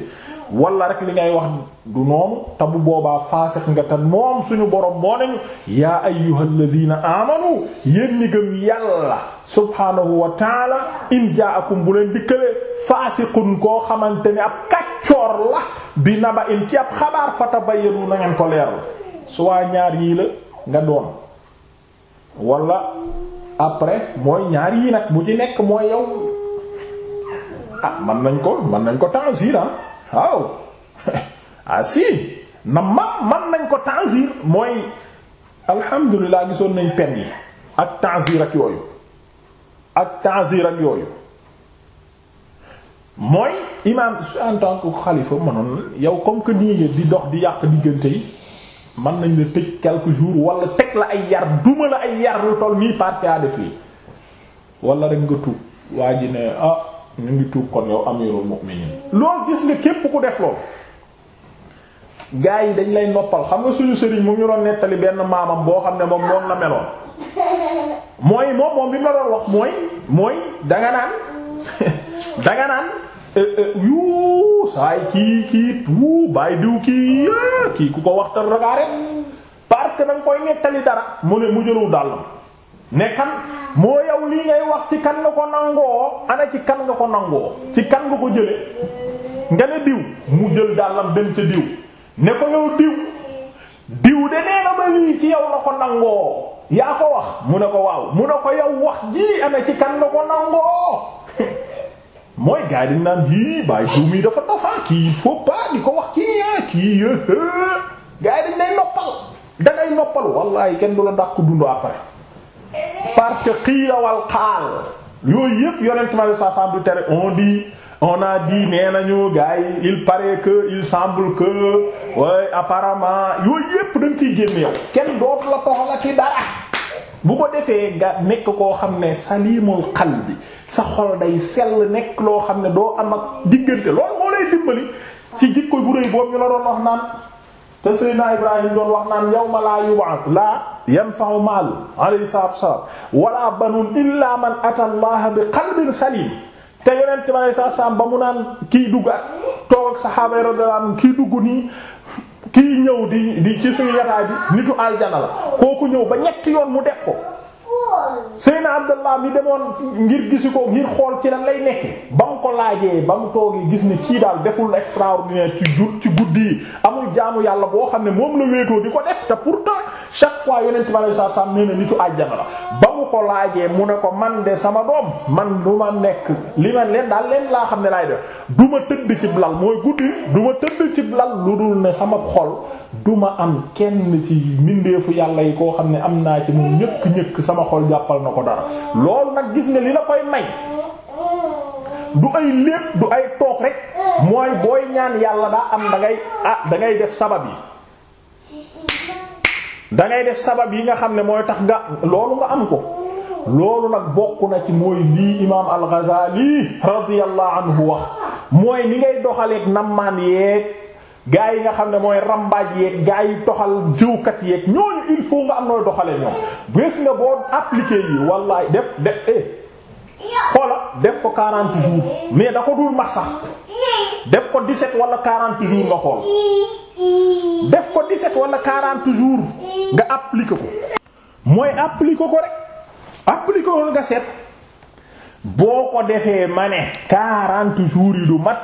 A: wala rek li ngay wax du noonu te bu boobaa faasiq nga te moom suñu borom moo nañu yaa ayyuhal ladina amanu yéen ñi gëm yàlla subhaanahu wa taala in jaakum bu leen dikkalee faasiqun koo xamante ni ab kaccoor la bi naba in ci ab xabaar fatabayyanu na ngeen ko leer su waa ñaar yii la nga doon wala après mooy ñaar yii nag bu ci nekk mooy yow ah man nañ ko man nañ ko tansiran ah. waaw ah na ma man nañ ko tanzir mooy alhamdulilah gisoon nañ pen yi ak tanzir ak yooyu ak tanzir ak yooyu mooy imam en tant que xalifa manoon yow comme que nii di dox di yàq diggante yi mën nañ la tëj quelques jours wala teg la ay yar duma la ay yar lu toll nii parce a def lii wala rek nga tuub waa ji ah ñu ngi tuub kon yow amirul mu'minin loolu gis nga képp ku def loolu gaa yi dañ lay noppal xam nga suñu sëriñ mu ñu doon nettali benn maamam boo xam ne moom noonu la meloon mooy moom moom bi ma doon mooy mooy danga naan danga naan eh, eh, yuu saay kii kii wuu bàyyi diw kii kii ku ko waxtal ragaare parce que danga koy nettali dara mu ne mu jëlu dàllam ne kan moo yow lii ngay wax ci kan nga ko nangoo ana ci kan nga ko nangoo ci kan nga ko jële nga ne diw mu jël dàllam dem ca diw ne ko yow diw diw de nee na ma lii ci yow la ko nangoo yaa ko wax mu ne ko waaw mu ne ko yow wax jii ana ci kan nga ko nangoo mooy gars naan yii bàyyi diw mii dafa dofaa kii il faut pas di ko wax kii yaa kii gars yi dañ lay noppal dangay noppal wallahi kenn du la dàq dund après parce que xiila wal xaal yooyu yëpp yonent ma saa saa du tere on dit on a dit nee nañu gars yi il paraît que il semble que ouais apparemment yooyu yëpp dañ ci génn yow kenn dootu la toxala ci dara bu ko defee nga nekk koo xam ne salimul qalbi sa xol day sell nekk loo xam ne doo am ak diggante loolu moo lay dimbali ci jikko bu rëy boobu ñu la doon wax naan. ta Seydina Ibrahim doon wax naan yawma laa yub'ath laa yanfa'u maalun alayhi salaatu wassalaam wala banuun illaa man ata Allaha bi qalbin saliim te ba mu naan kii dugg ak toog ak saxaaba yi kii dugg nii kii ñëw di di ci suñu yataay nitu aljana la kooku ñëw ba ñetti yoon mu def ko Seydina Abdallah mi demoon ngir gisi ko ngir xool ci la lay nekk ko laajee ba mu toogee gis ne kii daal deful extraordinaire ci jur ci guddi yi amul jaamu yàlla boo xam ne moom la wéetoo di ko def te pourtant chaque fois yonent bi sallallahu alayhi wasallam nee na nitu àjjana la ba mu ko laajee mu ne ko man de sama doom man du ma nekk li ma leen daal leen laa xam ne laay def du ma tëdd ci lal mooy guddi du ma tëdd ci lal lu dul ne sama xol du ma am kenn ci mbindeefu yàlla yi koo xam ne am naa ci moom ñëkk ñëkk sama xol jàppal na ko dara du ay lépp du ay toog rek mooy booy ñaan yàlla daa am dangay ngay ah da def sabab yi dangay def sabab yi nga xam ne mooy tax nga loolu nga am ko loolu nag bokk na ci mooy lii imaam al-Ghazali radiyallahu anhu wax mooy ni ngay doxaleeg nammaan yeeg gaa yi nga xam ne mooy rambaaj yeeg gaa yi toxal jiwkat yeeg ñooñu il faut nga am nooy doxalee ñoom bés nga boo appliqué yi wallaay def def eh xoola def ko 40 jours mais da ko dul max sax def ko 17 wala 40 jours nga xool def ko 17 wala 40 jours nga appliquer ko mooy appliquer ko rek appliquer ko nga seet boo ko defee ma ne 40 jours yi du mat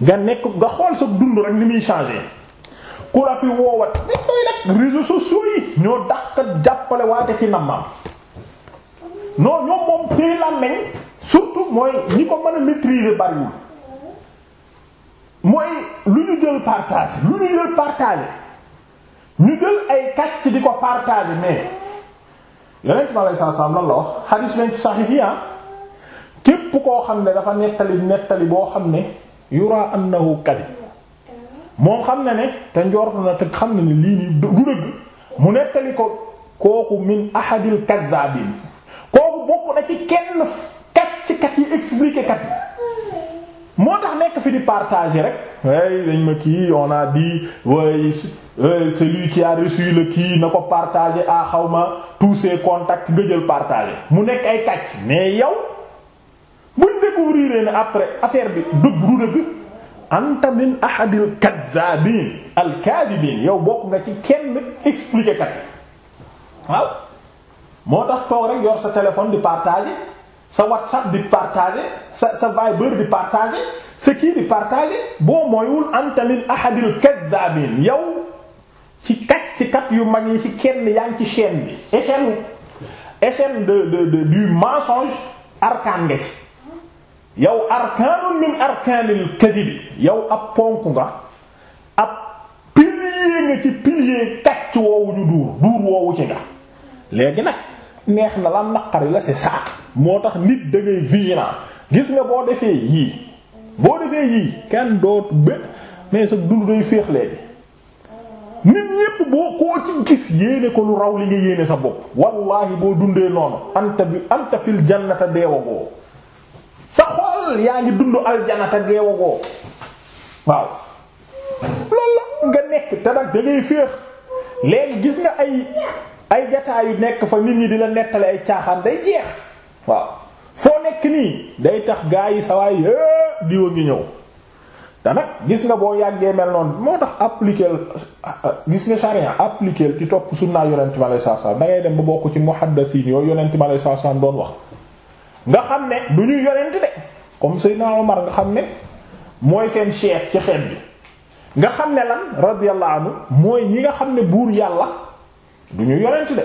A: nga nekk nga xool sa dund rek ni muy changer ku fi woowat nit sociaux yi ñoo dàq jàppale waate ci namam non ñoom moom téye làmmeñ surtout mooy ñi ko mën a maîtriser bariwul mooy lu ñu jël partage lu ñu jël partage ñu jël ay kàcc di ko partage mais yeneen ma lay sànni lan la wax hadith lañ ci sahih ah. képp koo xam ne dafa nettali nettali boo xam ne yura annahu kadhib moom xam ne ne te njortu na te xam na ne lii nii du dëgg mu nettali ko kooku min ahadil kadhabin bokk na ci kenn kacc kat yi expliquer kat moo tax nekk fi di partager rek way dañ ma kii on a dit way celui euh, qui a reçu kii na ko partager à ah, xaw ma tous ses contacts nga jël partager mu nekk ay kacc mais yow buñ découvrir ne après affaire bi dëgg du dëgg anta min ahadil kadhabin al kadhibin yow bokk nga ci kenn expliquer kat waaw moo tax toog rek yor sa téléphone di partager sa WhatsApp di partager sa sa Viber di partager sa kii di partager boo moywul anta min ahadil kaddaabin yow ci kat kat yu mag yi ci kenn yaa ngi ci chaîne bi échelle de de de du mensonge arkaan nga ci yow arkaanun min arkaanil kadibi yow ab ponk nga ab pilier nga ci pilier kacc woowu ñu duur duur woowu ci nga léegi nag neex na la naqari la c'est ça moo tax nit da ngay gis nga boo defee yii boo defee yii kenn dootu ba mais sa dund day féex léegi nit ñépp boo koo ci gis yéene ko lu raw li nga yéene sa bopp wallahi boo dundee noonu anta bi anta fil jannata deewagoo sa xol yaa ngi dund aljanata deewagoo waaw loolu la nga nekk te nag da féex léegi gis nga ay ay jataayu nekk fa nit ñi di la nettale ay caaxaan day jeex waaw foo nekk nii day tax gaa yi sawaay yëpp diwa ngi ñëw te gis nga boo yàggee mel noonu moo tax appliquer gis nga charia appliquer ci topp sunnaa yonent mi alayhi salaam da ngay dem ba bokk ci muhaddisiin yooyu yonent mi alayhi salaam doon wax nga xam ne du ñuy yonent de comme Seydina Omar nga xam ne mooy seen chef ci xeet bi nga xam ne lan radiyallahu anhu mooy ñi nga xam ne buur yàlla du ñu yonent de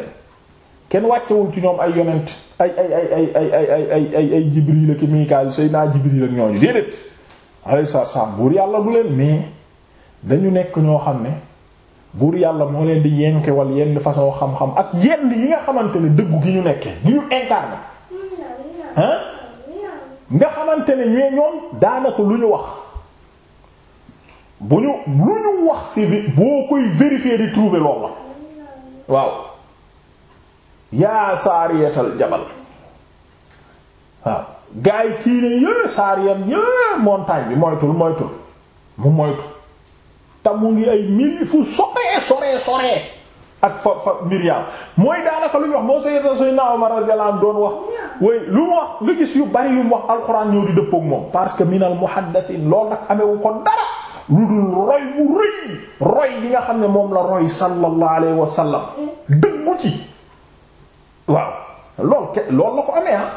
A: kenn wàccewul ci ñoom ay yonent ay ay ay ay ay ay ay ay ay ay Jibril ak Mikaayil Seydina Jibril ñooñu déedéet alayhi salaam buur yàlla du leen mais dañu nekk ñoo xam ne buur yàlla moo leen di yenkewal yenn façon xam-xam ak yenn ñi nga xamante ne dëggu gi ñu nekke gi ñu incarné hein nga xamante ne ñee ñoom daanaka lu ñu wax bu ñu lu ñu wax ci boo koy vérifier di trouver loolu la waaw yaa saariyatal jabal waaw gaa yi kii ne yë saariyam yë montagne bi moytul moytul mu moytu te mu ngi ay mil fu soree soree soree ak fa fa Miriam mooy daanaka lu ñu wax moo sayyidna sayyidna Umar radiyallahu anhu doon wax way lu mu wax nga gis yu bari yu wax alxuraan ñëw di dëppook moom parce que minal muhaddasin loolu nag amewu ko dara lu dul roy bu rëy roy bi nga xam ne moom la roy sallallahu alayhi wa sallam dëggu ci waaw lool ke loolu la ko amee ah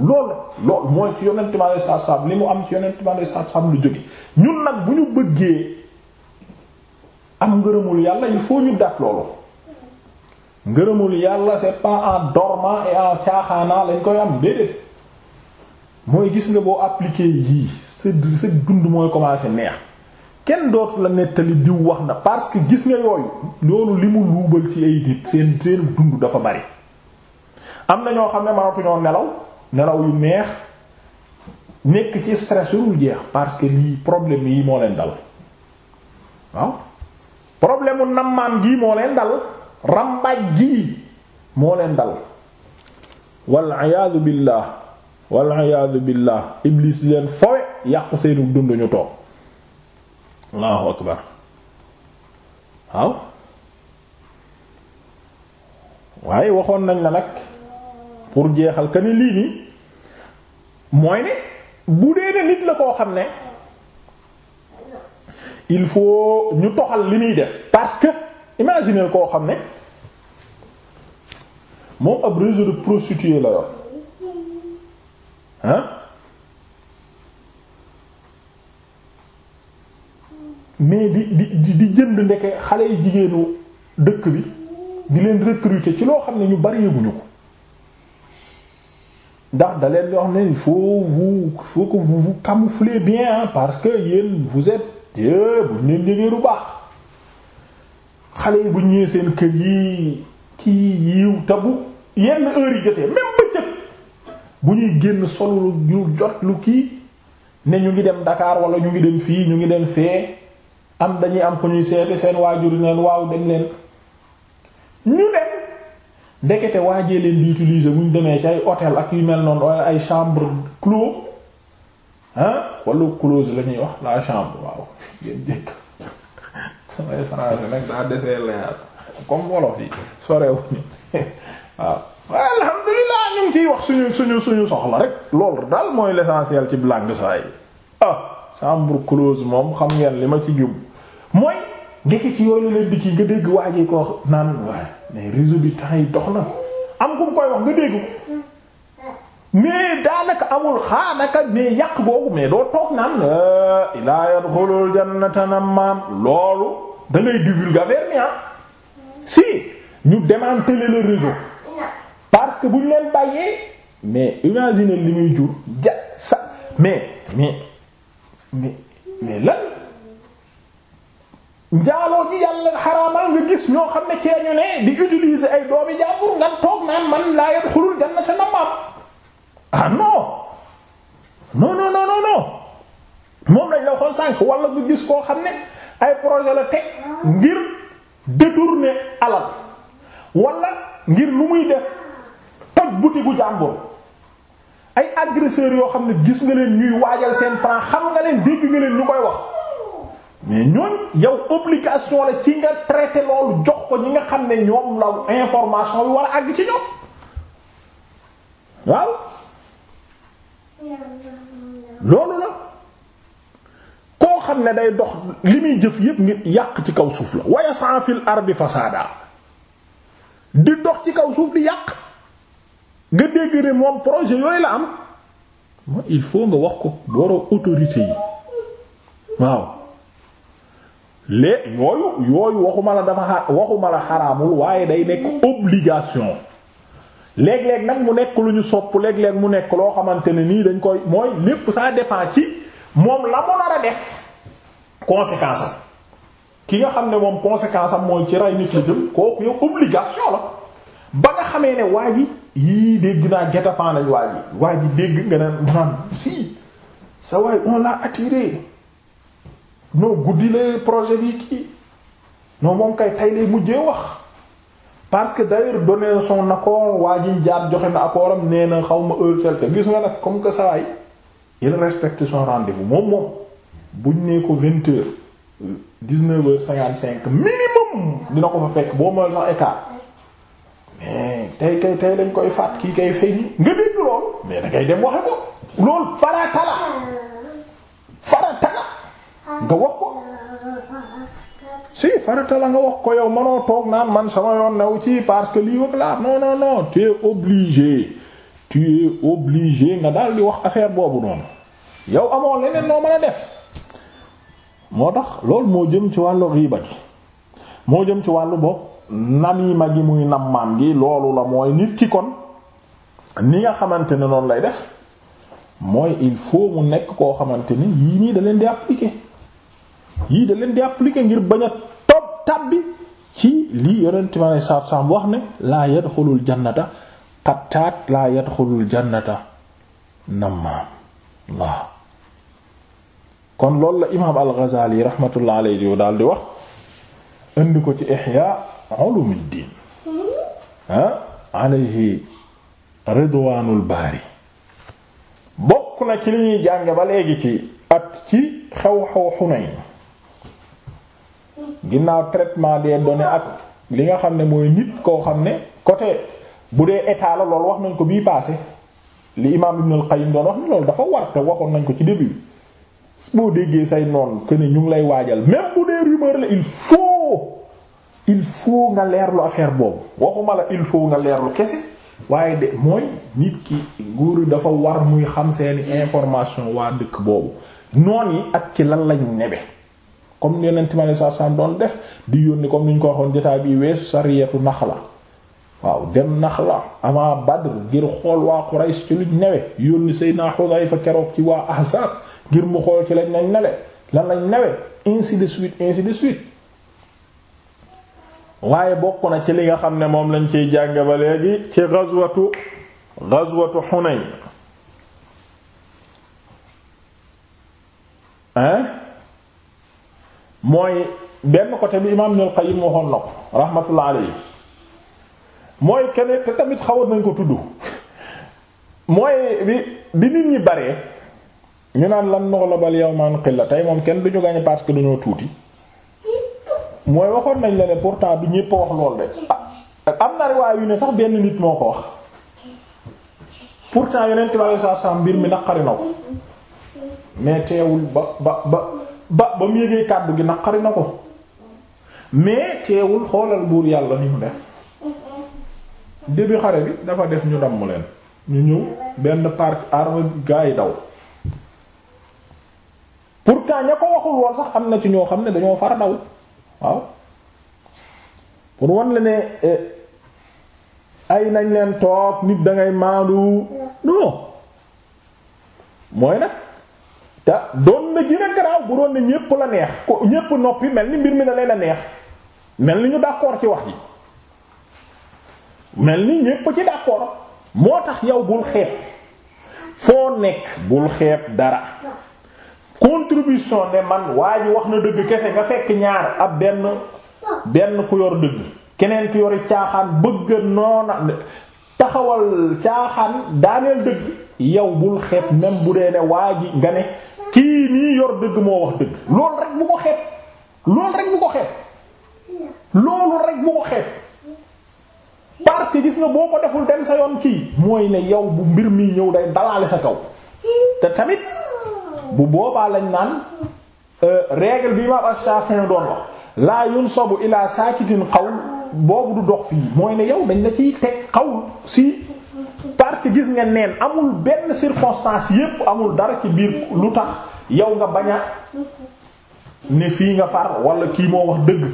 A: loolu loolu mooy ci yonent bi alayhi salaatu salaam li mu am ci yonent bi alayhi lu jóge ñun nag bu ñu bëggee am ngërëmul yàlla il faut ñu def loolu ngërëmul yàlla c'est pas en dormant et en caaxaanaa lañ koy am déedéet mooy gis nga boo appliquer yii sa sa dund mooy commencer neex kenn dootu la nettali diw wax na parce que gis nga yooyu loolu li mu luubal ci ay nit seen seen dund dafa bari am na ñoo xam ne mënatuñoo nelaw nelaw yu neex nekk ci stress yu jeex parce que lii problème yi moo leen dal waaw problème mu nammaam gii moo leen dal rambaaj gii moo leen dal wal iyaadu billaah wal iyaadu billaah iblis leen fowe yàq seenu dund ñu toog allahu akbar waaw waaye waxoon nañ la nag pour jeexal que ni lii nii mooy ne bu dee ne nit la koo xam ne il faut ñu toxal li muy def parce que imaginer koo xam ne moom ab réseau de prostituées la yor hein mais di di di jënd ndekke xale yi jigéenu dëkk bi di leen recruter ci loo xam ne ñu bari yëguñu ko ndax da leen wax ne il faut vous il faut que vous vous bien parce que yéen vous êtes buñ leen yëgee lu baax xale yi bu ñëwee seen kër yi kii yiw tabu yenn heure ñuy génn solu lu jot lu kii ne ñu ngi dem ndakaar wala ñu ngi dem fii ñu ngi dem fee am dañuy am ku ñuy seeti seen waajur yi neen waaw dem leen ñu dem ndekete waajee leen di utiliser bu ñu demee ci ay hôtel ak yu mel noonu wala ay chambre clos ah wala close la ñuy wax laa chambre waaw ngeen jëkk samay français nag daa desee leer comme wolof yi sorewuñu waaw alhamdulilah ñu ngi ciy wax suñu suñu suñu soxla rek loolu daal mooy l'essentiel ci langue saa yi chambre close moom xam ngeen li ma ci jum mooy ngekke ci yooyu la dikki nga dégg waajee ko wax naan waaye mais réseau bi temps yi dox na am ku mu koy wax nga dégg mais daanaka amul xaanaka mais yàq boobu mais doo toog naan laa yadxulul jannata nammaam loolu da ngay divulguer affaire bi ah. si ñu démanteler le réseau parce que bu ñu leen bàyyee mais imagine li muy jur ja sa mais mais mais mais lan njaaloo ji yàlla xaraamal nga gis ñoo xam ne ceeñu ne di utiliser ay doomi jàmbur nga toog naan man laa yadxulul jannata nammaam ah non non non non non moom lañ la waxoon sànq wala nga gis koo xam ne ay projet la teg ngir détourner alal wala ngir nu muy def toj boutique bu jàmbur ay agresseurs yoo xam ne gis nga leen ñuy waajal seen plan xam nga leen dégg nga leen ñu koy wax mais ñooñ yow obligation la ci nga traité loolu jox ko ñi nga xam ne ñoom la information bi war a àgg ci ñoom waaw loolu la koo xam ne day dox li muy jëf yëpp ngir yàq ci kaw suuf la waya san fil ardi fasada di dox ci kaw suuf li yàq nga dégg ne moom projet yooyu la am il faut nga wax ko booroo autorité yi waaw lée yooyu yooyu waxuma la dafa waxuma la xaraamul waaye day nekk obligation léeg-léeg nag mu nekk lu ñu sopp léeg-léeg mu nekk loo xamante ne nii dañ koy mooy lépp ça dépend ci moom la mu nar a def conséquence am ki nga xam ne moom conséquence am mooy ci rey nit la jëm kooku yow obligation la ba nga xamee ne waa ji yii dégg naa guet-apens lañ waa ji waa ji dégg nga naan maanaam si sa waay on l'a attiré non guddi la projet bi kii non moom kay tey lay mujjee wax parce que d'ailleurs donné son accord waa ji jaar joxe na accord am nee na xaw ma gis nga nag comme que sa waay il respecte son rendez moom moom buñ nee ko vingt heures dix cinquante-cinq minimum dina ko fa fekk boo moyal sax écart mais eh, tey kay tey lañ koy faat kii kay feeñ nga dégg loolu mais da ngay dem waxe ko loolu farata la nga wax ko si farata la nga wax ko yow manoo toog naan man sama yoon new ci parce que lii wëg laa non non non tu es obligé nga daal di wax affaire boobu noonu yow amoo leneen noo mën a def moo tax loolu moo jëm ci wàllu riba moo jëm ci wàllu bopp namima gi muy nammaam gi loolu la mooy nit ki kon ni nga xamante ne noonu lay def mooy il faut mu nekk koo xamante ni yii nii da leen di appliquer yii da leen di appliquer ngir bañ a tob tabbi ci lii yonent ma ne saab wax ne laa yadxulul jannata qattaat laa yadxulul jannata nammaam waaw kon loolu la imaam al-Ghazali rahmatullah alayhi daal di wax indi ko ci Ihya ulumuddin ah alayhi ridwanul baari bokk na ci li ñuy jànge ba léegi ci at ci xew xew Hunayn ginnaaw traitement des données ak li nga xam ne mooy nit koo xam ne côté bu dee état lool wax nañ ko bii passé li imaam Ibn al-Qayyim doon wax ni loolu dafa war te waxoon nañ ko ci début bi boo déggee say noon que ñu ngi lay waajal même bu dee rumeur la il faut il faut nga leer lu affaire boobu waxuma la il faut nga leer leerlu kese waaye de mooy nit ki nguur dafa war muy xam seeni information waa dëkk boobu noon yi ak ci lan lañu nebe comme yonent mi aleyhi salaatu salaam doon def di yónni comme ni ñu ko waxoon jotaay bi weesu sariyatu Naxla waaw dem Naxla avant Badr ngir xool waa Quraysh ci luñ newe yónni Seydina fa keroog ci waa Ahzaab ngir mu xool ci lañ lañ newe lan lañ newe ainsi de suite ainsi de suite waaye bokk na ci li nga xam ne moom lañ ciy jànge ba léegi ci gazwatu gazwatu Hunayn hein mooy benn côté bi imaam Ibnul Qayyim waxoon na ko rahmatullah alayhi mooy kenn te tamit xawoon nañ ko tudd mooy bi bi nit ñi bare ñu naan lan nughlabal yawma an qilla tey moom kenn duñu gañe parce que dañoo tuuti mooy waxoon nañ la ne pourtant bi ñépp wax lool de ah, am na riwaay ne sax benn nit moo ko wax pourtant yeneen tubaab sa saa mbir mi naqari na ko mais teewul ba ba ba ba mu yëgee kàddu gi naqari na ko mais teewul xoolal buur yàlla ni mu def début xare bi dafa def ñu damm leen ñu ñëw benn parc arme gaa yi daw pourtant ña ko waxul woon sax am na ci ñoo xam ne dañoo far daw. waaw pour wan la ne eh, ay nañ leen toog nit dangay maandu non mooy nag te doon na gën a garaaw bu doon ne ñépp la neex ko ñépp noppi mel ni mbir mi da la neex mel ni ñu d'accord ci wax ji mel ni ñépp ci d'accord moo tax yow bul xeeb foo nekk bul xeeb dara contribution ne man waa ji wax na dëgg kese nga fekk ñaar ab benn benn ku yor dëgg keneen ku yori caaxaan bëgg noona taxawal caaxaan daaneel dëgg yow bul xeeb même bu dee ne waa ji nga ne kii nii yor dëgg moo wax dëgg loolu rek bu ko xeeb loolu rek bu ko xeeb loolu gis nga boo ko deful dem sa yoon kii mooy ne yow bu mbir mi ñëw day dalaale sa kaw tamit bu boobaa lañ naan euh, règle bi imaam Shafi'i doon wax laa yunsabu ila sakitin qawl boobu du dox fii mooy na yow dañ la ciy teg qawl si parce que gis nga neen amul benn circonstance yépp amul dara ci biir lu tax yow nga bañ ne fii nga far wala kii moo wax dëgg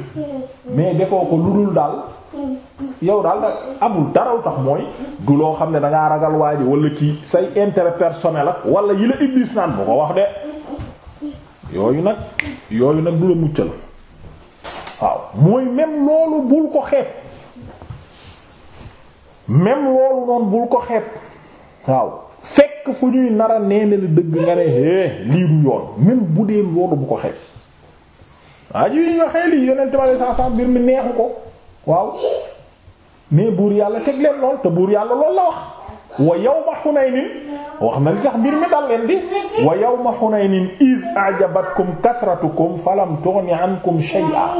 A: mais defoo ko lu dul daal yow daal nag amul daraw tax mooy du loo xam ne dangaa ragal waa walla kii say intérêt personnel ak wala yi la Iblis naan bu ko wax de yooyu nag yooyu nag du la muccal waaw mooy même loolu bul ko xeeb même loolu noonu bul ko xeeb waaw fekk fu ñuy nar a nee na la dëgg nga ne hé lii du yoon même bu dee loolu bu ko xeeb. waa ji ñu waxee lii yonent ma saa saa mbir mi neexu ko waaw mais buur yàlla teg leen lool te buur yàlla lool la wax wa yawma Hunaynin wax na li tax mbir mi dal leen di wa yawma Hunaynin iz a'jabatkum kathratukum falam tughni ankum shay'an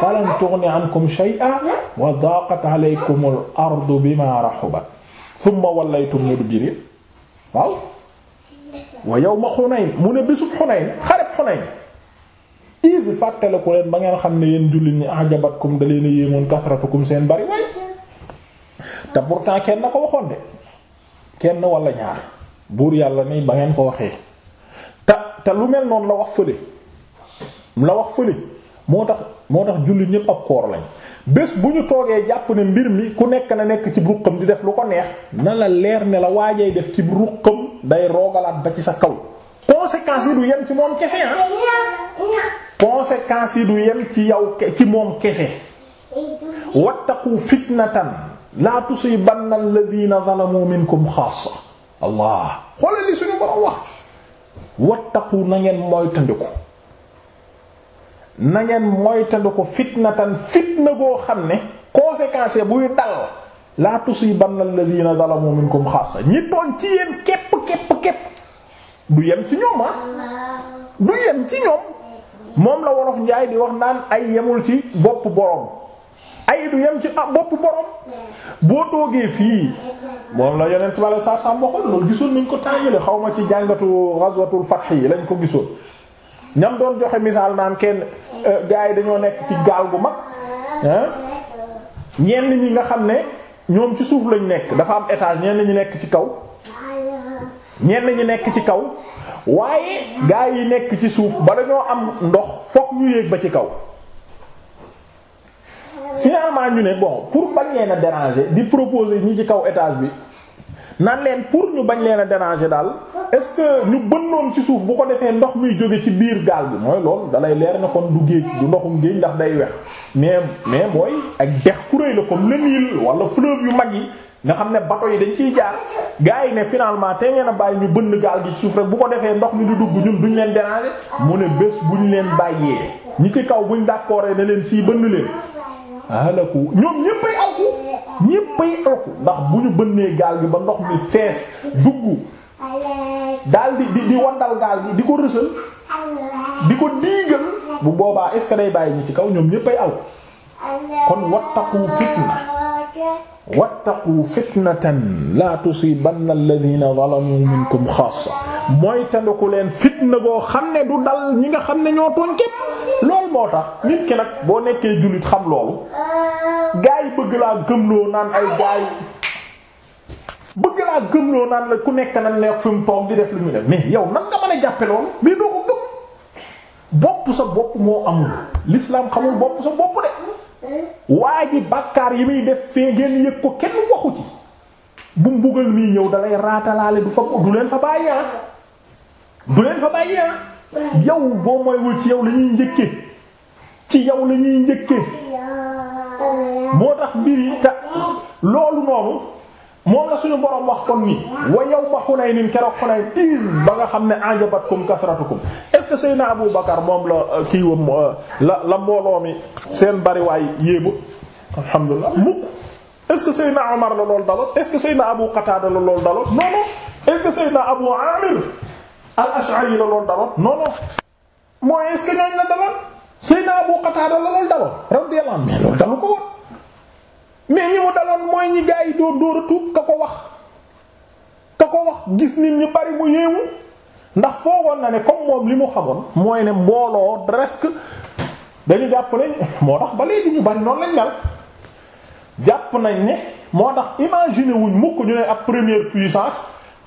A: falam tughni ankum shay'an wa daqat alaykum al-ardu bima rahubat thumma wallaytum mudbirin waaw wa yawma Hunayn mu ne bésub Hunayn xareb Hunayn id fàttaliku leen ba ngeen xam ne yéen jullit ñi ajabatkum da leen a yéemoon kasratukum seen bari waaye te pourtant kenn na ko waxoon de kenn walla ñaar buur yàlla nii ba ngeen ko waxee te te lu mel noonu la wax fële la wax fële moo tax moo tax jullit ñëpp ak koor lañ bés bu ñu toogee jàpp ne mbir mi ku nekk na nekk ci ruqam di def lu ko neex na la leer ne la waajay def ci ruqam day roogalaat ba ci sa kaw conséquences yi du yem ci moom kese ah. conséquences yi du yem ci yow ci moom kese wattaqu fitnatan la tusibanna alladhina zalamu minkum xaasa allah xoolal li suñu borom wax wattaqu na ngeen moytandiku na ngeen moytandiku fitnatan fitna goo xam ne conséquences buy dal la tusibanna alladhina zalamu minkum xaasa ñi doon ci yéen képp képp képp du yem ci ñoom ah du yem ci ñoom moom la wolof njaay di wax naan ay yemul ci bopp borom ay du yem ci ah bopp borom boo toogee fii moom la yeneen tubaab la sax sax waxoon loolu gisoon nañ ko tàngale xaw ma ci jàngatu ghazwatul fath yi lañ ko gisoon. ñam doon joxe misaal naan kenn euh, gars dañoo nekk ci gaal bu mag ñenn ñi nga xam ne ñoom ci suuf lañ nekk dafa am étage ñenn ñi nekk ci kaw ñenn ñi nekk ci kaw. waaye gaa yi nekk ci suuf ba dañoo am ndox fokk ñu yéeg ba ci kaw finalement ñu ne bon pour bañ leen a déranger di proposer ñi ci kaw étage bi nan leen pour ñu bañ leen a déranger daal est-ce que ñu bënnoon ci suuf bu ko defee ndox muy jóge ci biir gaal bi mooy loolu dalay leer ne kon du géej du ndoxum géej ndax day wex mais mais mooy ak dex kuréy la comme le Nil wala fleuve yu mag yi nga xam ne bato yi dañ ciy jaar gars yi ne finalement te ngeen a bàyyi ñu bënn gaal gi suuf rek bu ko defee ndox mi di dugg ñun duñu leen déranger mu ne bés bu ñu leen bàyyee ñi ci kaw buñ d'accord ne leen sii bënn leen alaku ñoom ñéppay alku ñéppay alku ndax bu ñu bënnee gaal gi ba ndox mi fees dugg daal di di di wandal gaal gi di ko rësal di ko diigal bu boobaa est ce que day bàyyi ñu ci kaw ñoom ñéppay alku kon wattaqu fitna wattaqu fitnatan la tusibanna alladhina zalamu minkum xaassa mooy tandaku leen fitna boo xam ne du dal ñi nga xam ne ñoo tooñ képp loolu moo tax nit ki nag boo nekkee jullit xam loolu gaa yi bëgg laa gëmloo naan ay gaa yi bëgg laa gëmloo naan la ku nekk nag nekk fi mu toog di def lu ñu def mais yow nan nga mën a jàppe loolu mais doo ko gëm bopp sa bopp moo amul l'islam xamul bopp sa bopp de waa ji bàkkaar yi muy def fee ngeen yëg ko kenn waxu ci bu mbugal mii ñëw dalay raatalaale du fa du leen fa bàyyi ah du leen fa bàyyi ah yow boo moywul ci yow lañuy ñuy njëkke ci yow la ñuy njëkke moo tax mbir yi ta loolu noonu moom la suñu borom wax kon nii wa yawma Hunayn keroog Hunayn ba nga xam ne ajabatkum kasratukum que Seydina Abu Bakar moom la euh, kii euh, la la mbooloo mi seen bariwaay yéemu alhamdulilah mukk est-ce que Seydina Omar la loolu daloon est seyna que Seydina Abu Qatada la loolu daloon non non est Abu Amir la loolu daloon non non mooy est-ce que Abu Qatada la loolu daloon radiyallahu anhu loolu dalu mooy ñi gaa yi dóoratu ka ko wax ka ko wax gis nit ñi bari mu yéemu ndax foogoon na ne comme moom li mu xamoon mooy ne mbooloo presque dañu jàpp ne moo tax ba léegi ñu bari noonu lañ mel jàpp nañ ne moo tax imaginer wuñ mukk ñu ne ab première puissance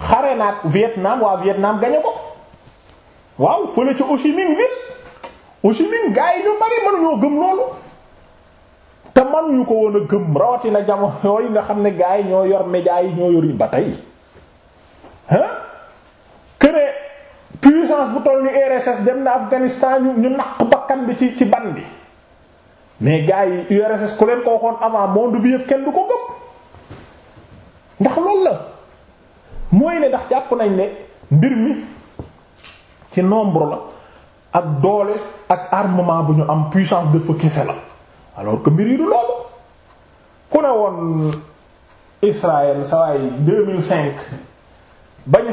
A: xare na ak Vietnam waa Vietnam gañe ko waaw fële ci aussi Chi Minh ville Ho Chi gars yi ñu bari mënuñoo gëm loolu te mënuñu ko woon a gëm rawatina jamono yooyu nga xam ne gars yi ñoo yor médias yi ñoo yor yi ba tey hein puissance bu toll ni URSS dem na Afghanistan ñu ñu naq bakkan bi ci ci ban bi mais gars yi URSS ku leen ko waxoon avant monde bi yëpp kenn du ko gëm ndax loolu la mooy ne ndax jàpp nañ ne mbir mi ci nombre la ak doole ak armement bu ñu am puissance de feu kese la alors que mbir yi du loolu ku ne woon Israël saa yi 2005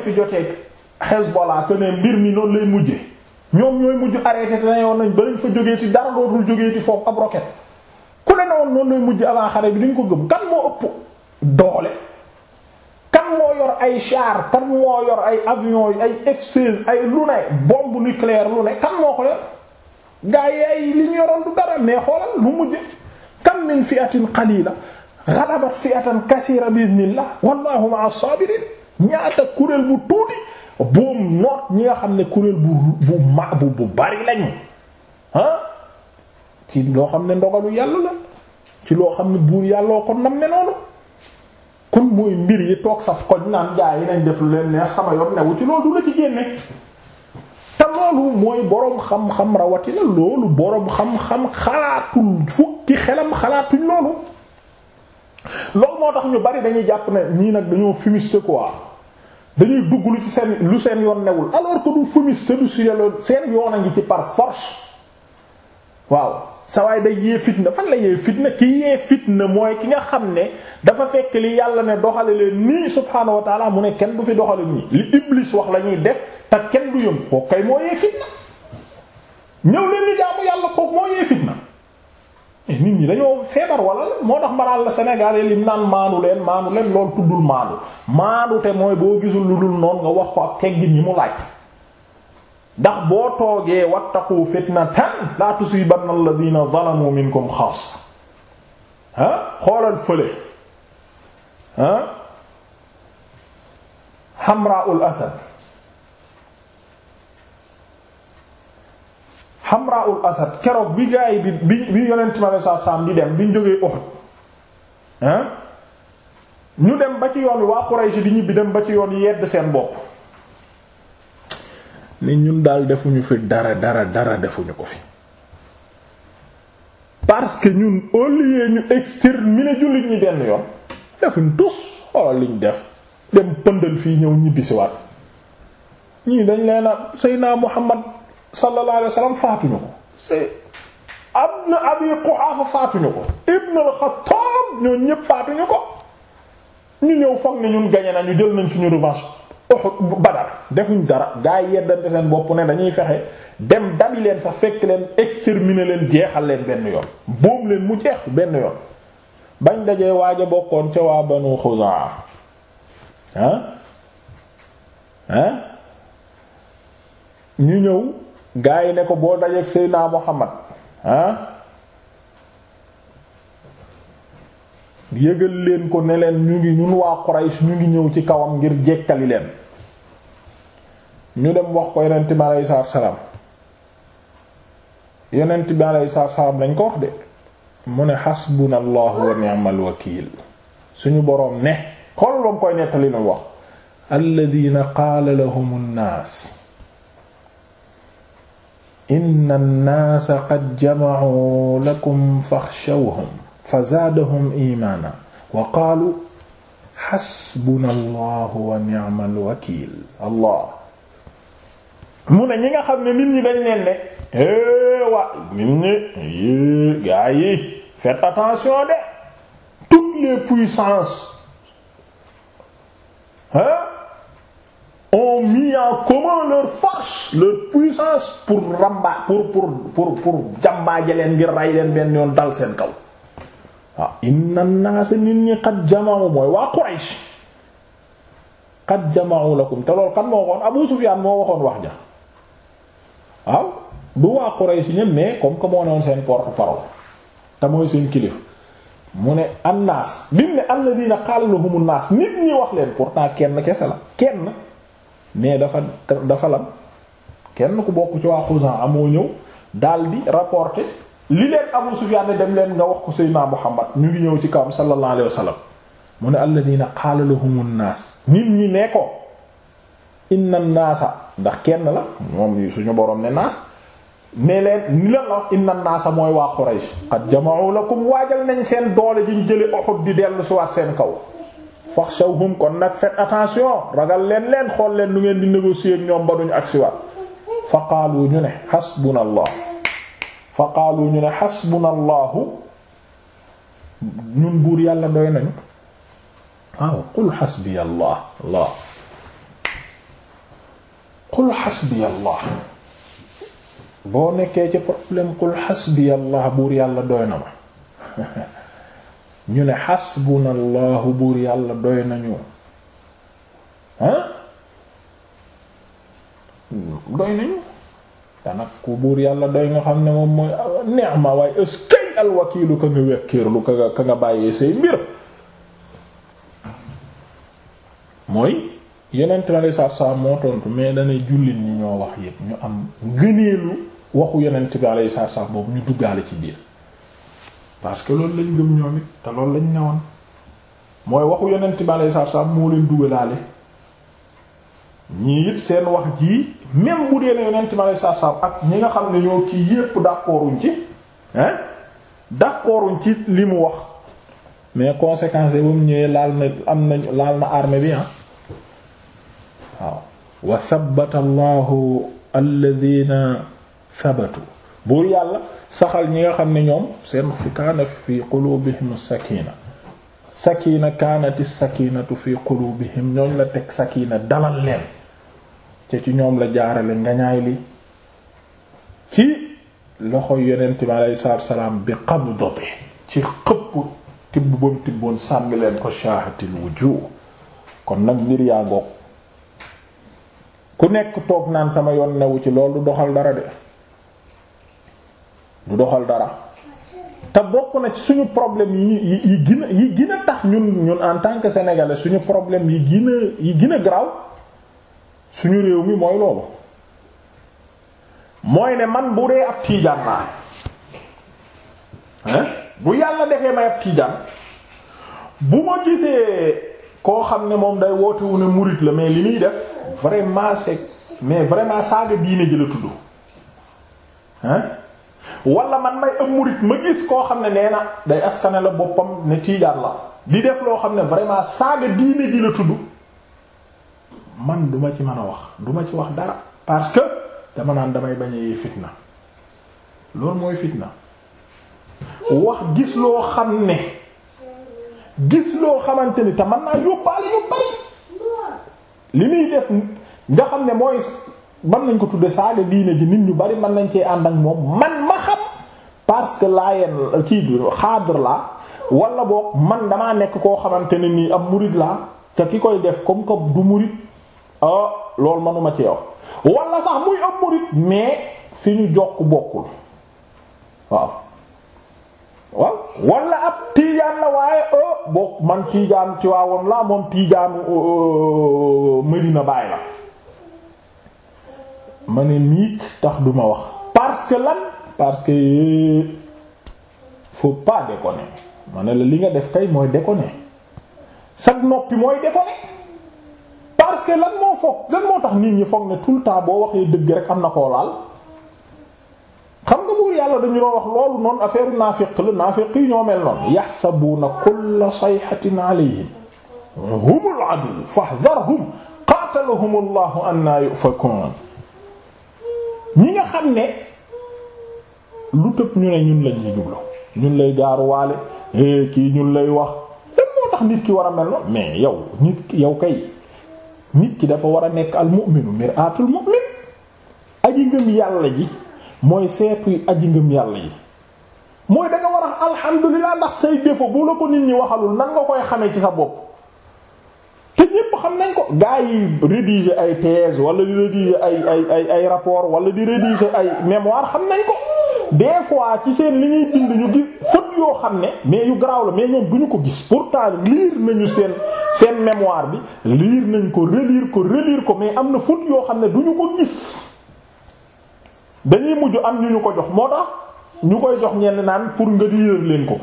A: fi joteeg. Hezbollah que ne mbir mi noonu lay mujje ñoom ñooy mujj arrêté te ne yoon nañ ba lañ fa jógee ci dara dootul jógee ci foofu ab roquette ku ne noonu noonu lay mujj avant xare bi dañ ko gëm kan moo ëpp doole kan moo yor ay char kan moo yor ay avion yi ay F-16 ay lu ne bombe nucléaire lu ne kan moo ko yor gaa yi ay li ñu yoroon du dara mais lu mujje kam min fi'atin qalila ghalabat fi'atan kaseera bi idnillah wallahu ma'a as ñaata kuréel bu tuuti buum noot ñi nga xam ne kuréel bu bu ma bu bari lañu ah ci loo xam ne ndogalu yàlla la ci loo xam ne buur yàlloo kon nam ne noonu kon mooy mbir yi toog saf koñ naan gaa yi nañ def lu leen neex sama yoon newu ci loolu du la ci génne te loolu mooy boroom xam-xam rawatina loolu boroom xam-xam xalaatul fukki xelam xalaatuñ loolu loolu moo tax ñu bari dañuy jàpp ne ñii nag dañoo fumiste dañuy dugg lu ci seen lu seen yoon newul alors que du fumis te du suyaloon seen yoon a ngi ci par force waaw sa waay day yee fitna fan la yee fitna ki yee fitna mooy ki nga xam ne dafa fekk li yàlla ne doxale leen nii subhaanahu wa taala mu ne kenn du fi doxale nii li iblis wax la ñuy def te kenn du yëm kooku kay moo yee fitna ñëw leen li jaamu yàlla kooku moo yee fitna. Eh, nit ñi dañoo feebar wala moo tax maanaam la Sénégal yi lim naan maandu leen maandu leen loolu tuddul maandu maandu te mooy boo gisul lu dul noonu nga wax ko ak teggin yi mu laaj. ndax boo toogee wattaqu fitnatan la tusibanna alladhina zalamu minkum xaas ah xoolal fële ah. Hamra'ul Asad. Hamraul Asad keroog bi gaa yi bi bi yonent ma saa saam di dem bi ñu jógee Uhud hein ñu dem ba ci yoon wi waa Quraysh di ñibbi dem ba ci yoon yedd seen bopp ni ñun daal defuñu fi dara dara dara defuñu ko fi parce que ñun au lieu ñu exterminer jullit ñi benn yoon defuñ tus xoolal liñ def dem pëndal fii ñëw ñibbisiwaat ñii dañ leena Seydina Muhammad sallallahu alayhi wa sallam faatuñu ko c'est am na Abi Quhaafa faatuñu ko Ibn al-Khattab ñoo ñëpp faatuñu ko ñu ñëw foog ne ñun gañe na ñu jël nañ suñu revanche Uhud Badar defuñ dara gaa yi yeddante seen bopp ne dañuy fexe dem dabi leen sax fekk leen exterminer leen jeexal leen benn yoon boom leen mu jeex benn yoon bañ dajee waaj a bokkoon ca waa Banu Xuzaa ah ah ñu ñëw gaa yi ne ko boo dajeek Seydina Muhammad ah yëgal leen ko ne leen ñu ngi ñun waa Quraysh ñu ngi ñëw ci kawam ngir jekkali leen ñu dem wax ko yonent bi aleyhi salaatu yonent bi aleyhi salaatu lañ ko wax de mu ne xasbunallahu wa ni'mal wakiil suñu boroom ne xool ba mu koy nettali nu wax alladina qaala lahum nnaas inna an-naasa qad jama'u lakum fakhshawhum fazaadahum iimaana wa qaalu xasbuna allahu wa ni'mal wakiil allah mu ne ñi nga xam ne nit ñi dañ leen ne é waa nit ñi yi gaa yi faites attention de toutes les puissances hein ont mis en leur puissance pour ramba pour pour pour pour jambaaje leen ngir rey leen benn yoon dal seen kaw waaw ah, inna naasa nit ñi xat jama'u mooy waa Quraysh xat jama'u lakum te loolu kan moo waxoon Abu Sufyan moo waxoon wax ja waaw du waa Quraysh ñëpp mais comme que ne woon seen porte-parole te mooy seen kilifa mu ne annaas bi mu ne alladina qaala lahumu naas nit ñi wax leen pourtant kenn kese la kenn mais dafa dafa lam kenn ku bokk ci waa Xuzaa amoo ñëw daal di rapporter li leen amul Abu Sufyaan dem leen nga wax ko Seydina Muhammad ñu ngi ñëw ci kawam sallallahu alayhi wa mu ne alladina qaala lahum nnaas nit ñi ne ko inna naasa ndax kenn la moom suñu borom ne naas ne leen ni la wax inna naasa mooy waa Quraysh qad jama'u lakum waajal nañ seen doole ji ñu jële Uhud di dellu si waat seen kaw faxshawhum kon nag faites attention ragal leen leen xool leen nu ngeen di négocier ak ñoom ba duñu agsiwaat fa qaalu ñu ne xasbuna allah fa qaalu ñu ne xasbuna allahu ñun buur yàlla doy nañu waaw qul xasbiya allah boo nekkee ci problème qul xasbiya allah buur yàlla doy na ma ñu ne xasbunallahu buur yàlla doy nañu ah doy nañu te nag buur yàlla doy nga xam ne moom mooy ni'ma waaye ëskay alwakiilu ka nga wekkiirlu ka nga ka nga bàyyee say mbir mooy yonent bi saa saa moo tontu mais dana jullit ñi ñoo wax yépp ñu am ngëneelu waxu yonent bi saa saa boobu ñu duggaale ci biir parce que loolu lañ gëm ñoom it te loolu lañ newoon mooy waxu yonent bi aleyhi salaatu salaam moo leen dugalaale ñii it seen wax jii même bu dee ne yonent bi aleyhi salaatu ak ñi nga xam ne ñoo kii yépp d'accorduñ ci hein d'accorduñ ci li mu wax mais conséquences yi ba mu ñëwee laal na am nañ laal na armée bi ah waaw wa thabbata allahu alladhina thabatu buur yàlla saxal ñi nga xam ne ñoom seen kaana fi qulubihim sakina sakina kaanati sakinatu fi qulubihim ñooñ la teg sakina dalal leen ci ñoom la jaarale ngañaay li ci loxo yonent bi aleyhi salaatu salaam bi qabdati ci xëpp tibb ba mu tibboon sàmmi leen ko shaahatil wujuh kon nag mbir yaa goog ku nekk toog naan sama yoon newu ci loolu doxal dara de du doxal dara te bokk na ci suñu problème yi yi gën a tax ñun ñun en tant que sénégalais suñu problème yi gën a yi gën a graw suñu réew mi mooy loolu mooy ne man bu dee ab tiijaan naa hein bu yàlla defee may ab tiijaan bu ma gisee koo xam ne moom day wootewu ne murit la mais li muy def vraiment sec mais vraiment saaga diine ji tudd hein wala man may am murit ma gis koo xam ne nee na day askane la boppam ne tiijaan la di def loo xam ne vraiment saaga diine ji la tudd man duma ci mën a wax duma ci wax dara parce que dama naan damay bañ a fitna loolu mooy fitna wax gis loo xam ne gis loo xamante ni te man naa yóbbaale yu bari li muy def nga xam ne mooy ban nañ ko tudde saaga diine ji nit ñu bari mën nañ cee ànd ak moom man ma parce que laayeen kii bi xaadir la wala boog man damaa nekk koo xamante ne nii ab murid la te ki koy def comme que du murid ah, loolu manuma ci yow wala sax muy ab murid mais fi ñu jokk bokkul waaw waaw ab tiijaan la waaye ah man tiijaan ci waawoon la moom tiijaanu oh, oh, Medina Baay la ma ne miig tax duma wax parce que lan parce que faut pas déconner ma la li nga def kay mooy déconner sag noppi mooy déconner parce que lan moo foog lan moo tax nit ñi foog ne tout le temps boo waxee dëgg rek am na koo laal xam nga buur yàlla dañu doon wax loolu noonu affaire naafiq la naafiq yi ñoo mel noonu yaxsabuuna kulla sayhatin alayhim humul adu fahdharhum qatalahum allahu anna yufakun ñi nga xam ne lu tëb ñu ne ñun lañ lay jublu ñun lay gaaruwaale eh, kii ñun lay wax lan moo tax nit ki war a mel noonu mais yow nit ki yow kay nit ki dafa war a nekk al mu'minu mir'atul mu'min aji ngëm yàlla ji mooy seetu aji ngëm yàlla ji mooy da nga war a alhamdulilah ndax say défaut bu la ko nit ñi waxalul nan nga koy xamee ci sa bopp te ñépp xam nañ ko gaa yi rédiger ay thèse wala di rédiger ay ay ay ay rapport wala di rédiger ay mémoire xam nañ ko des fois ci seen li ñuy bind ñu gis faute yoo xam ne mais yu garaaw la mais ñoom du ñu ko gis pourtant lire nañu seen seen mémoire bi lire nañ ko relire ko reliir ko mais am na faute yoo xam ne du ñu ko gis dañuy mujj am ñu ñu ko jox moo tax ñu koy jox ñenn naan pour nga lire leen ko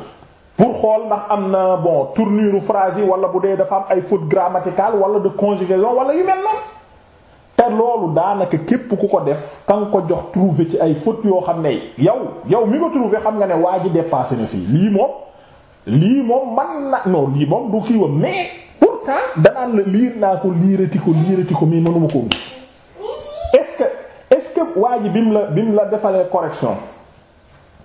A: pour xool ndax am na bon tournure phrase yi wala bu dee dafa am ay fautes grammaticales wala de conjugaison wala yu mel noonu loolu daanaka képp ku ko def ka ko jox trouvé ci ay fautes yoo xam ne yow yow mi ko trouvé xam nga ne waa ji dépassé na fii lii moom lii moom man na non lii moom du kii wam mais pourtant danaan la naa ko liirati ko liirati ko mais mënuma koo gis est-ce est-ce que waa ji bi mu la bi mu la defalee correction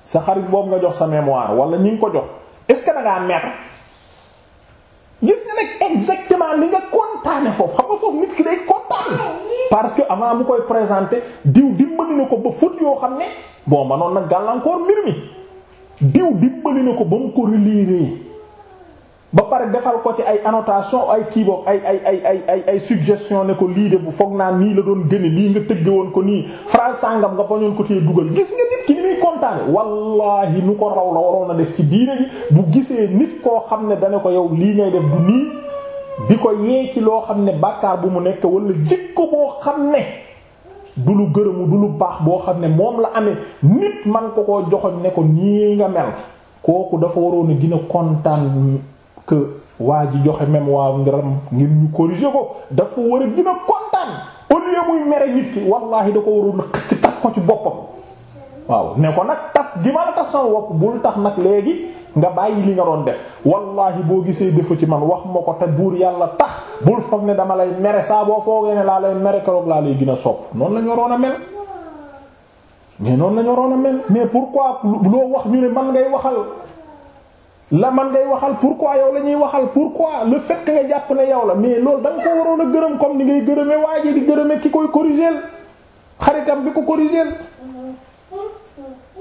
A: sa xarit boobu nga jox sa mémoire wala ñi ko jox est-ce que da ngaa mer gis nga nag exactement li nga kontaane foofu xam nga foofu nit ki day kontaan parce que avant mu koy présenté diw dimbali na ko ba fóot yoo xam ne bon manoon nag gàllankoor mbir mi diw dimbali na ko ba mu ko relire ba pare defal ko ci ay annotation ay kii ay ay ay ay ay ay suggestion ne ko lii de bu foog naa nii la doon gëne lii nga tëgge woon ko nii France sàngam nga bañoon ko tee dugal gis nga nit ki ni muy kontaane wallahi nu ko raw la waroon def ci diine gi bu gisee nit koo xam ne dane ko yow lii ngay def du nii di ko yee ci loo xam ne bàkkaar bu mu nekk wala jikko boo xam ne du lu gërëmu du lu baax boo xam ne moom la amee nit man ko koo joxoñ ne ko nii nga mel kooku dafa waroon a gën a kontaan que waa joxe mémoire ngaram ngir ñu corriger ko dafa war a gën a kontaan au lieu muy mere nit ki wallahi da ko waroon ci tas ko ci boppam waaw ne ko nag tas gi ma la tas bul tax nag léegi nga bàyyi li nga doon def wallahi boo gisee defu ci man wax ma ko te buur yàlla tax bul foog ne dama lay mere saa boo foogee ne laa lay mere keroog laa lay gën a sopp noonu la ñu a mel mais noonu la ñu waroon a mel mais pourquoi loo wax ñu ne man ngay waxal la man ngay waxal pourquoi yow la ñuy waxal pour le lu que nga jàpp ne yow la mais loolu da nga ko waroon a gërëm comme ni ngay gërëme waaye ji di gërëme ki koy corriger xaritam bi ko corriger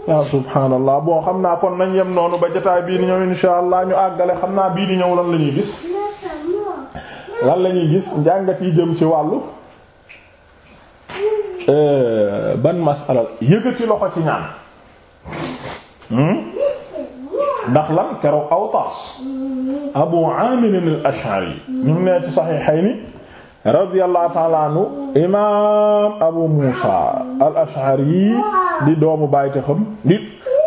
A: yaa subhaanallah boo xam naa kon nañ yem noonu ba jotaay bii di ñëw insha allah ñu àggale xam naa bii di ñëw lan la ñuy gis lan la gis njàngat yi jëm ci wàllu euh, ban masala yëgati loxo ci ñaan hmm? ndax lan keroog Awtaas Abu Aamir al-Ash'ari ñu ne ci Saxiixayni radiyallahu ta'ala anhu imaam Abu Musa al-Ash'ari di doomu baytexam di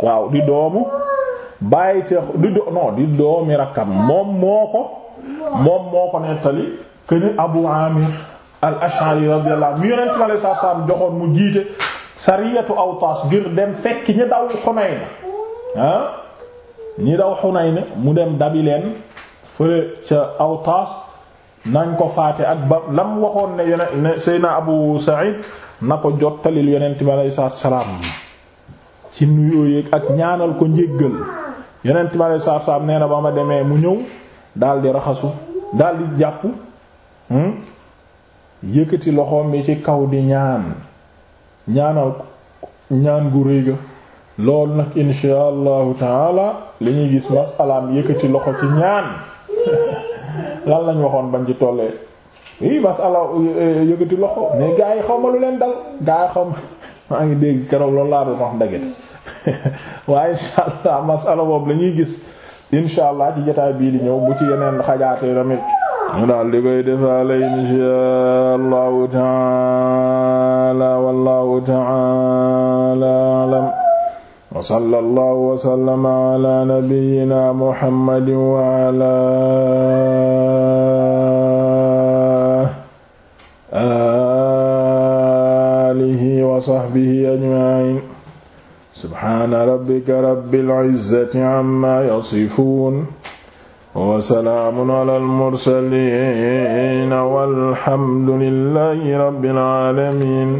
A: waaw di doomu baytexam di do non di doomi rakkam moom moo ko moom moo ko nettali këni Abu Amir al-Ash'ari radiyallahu anhu yonent mi alayhi salaam joxoon mu jiite sariyatu Awtaas ngir dem fekki ñi daw Xunayna ah ñi daw Xunayna mu dem dabi leen fële ca Awtaas nañ ko faate ak ba lam waxoon ne Seyna Abu Sa'id na ko jottalil yonent bi aleyhi salaam ci nuyoo ak ñaanal ko njéggal yonent bi aleyhi salaatu salaam nee ba ma demee mu ñëw daldi raxasu daldi jàpp hmm, yëkkati loxoom bi ci kaw di ñaan ñaanal ñaan gu rëy ga loolu nag insha allahu taala li ñuy gis masalaam yëkkati loxo ci ñaan lan lañ waxoon bañ ci tollee i masala e, yëgati loxo mais gaa yi xaw ma lu leen dal gaa xaw ma maa ngi dégg keroog loolu laa doon wax ndagete waaye insha allah masala boobu la ñuy gis insha allah ci jotaay bii di ñëw bu ci yeneen xajaate tamit ñu daal di koy defaale insha allahu taala wallahu taala alam wa sallallahu wa sallama ala nabiyyina muhammadin wa ala alihi wa sahbihi ajma'in subhana rabbika rabbil izzati amma yasifun wa salaamun ala al-mursaliin walhamdulillahi rabbil alamin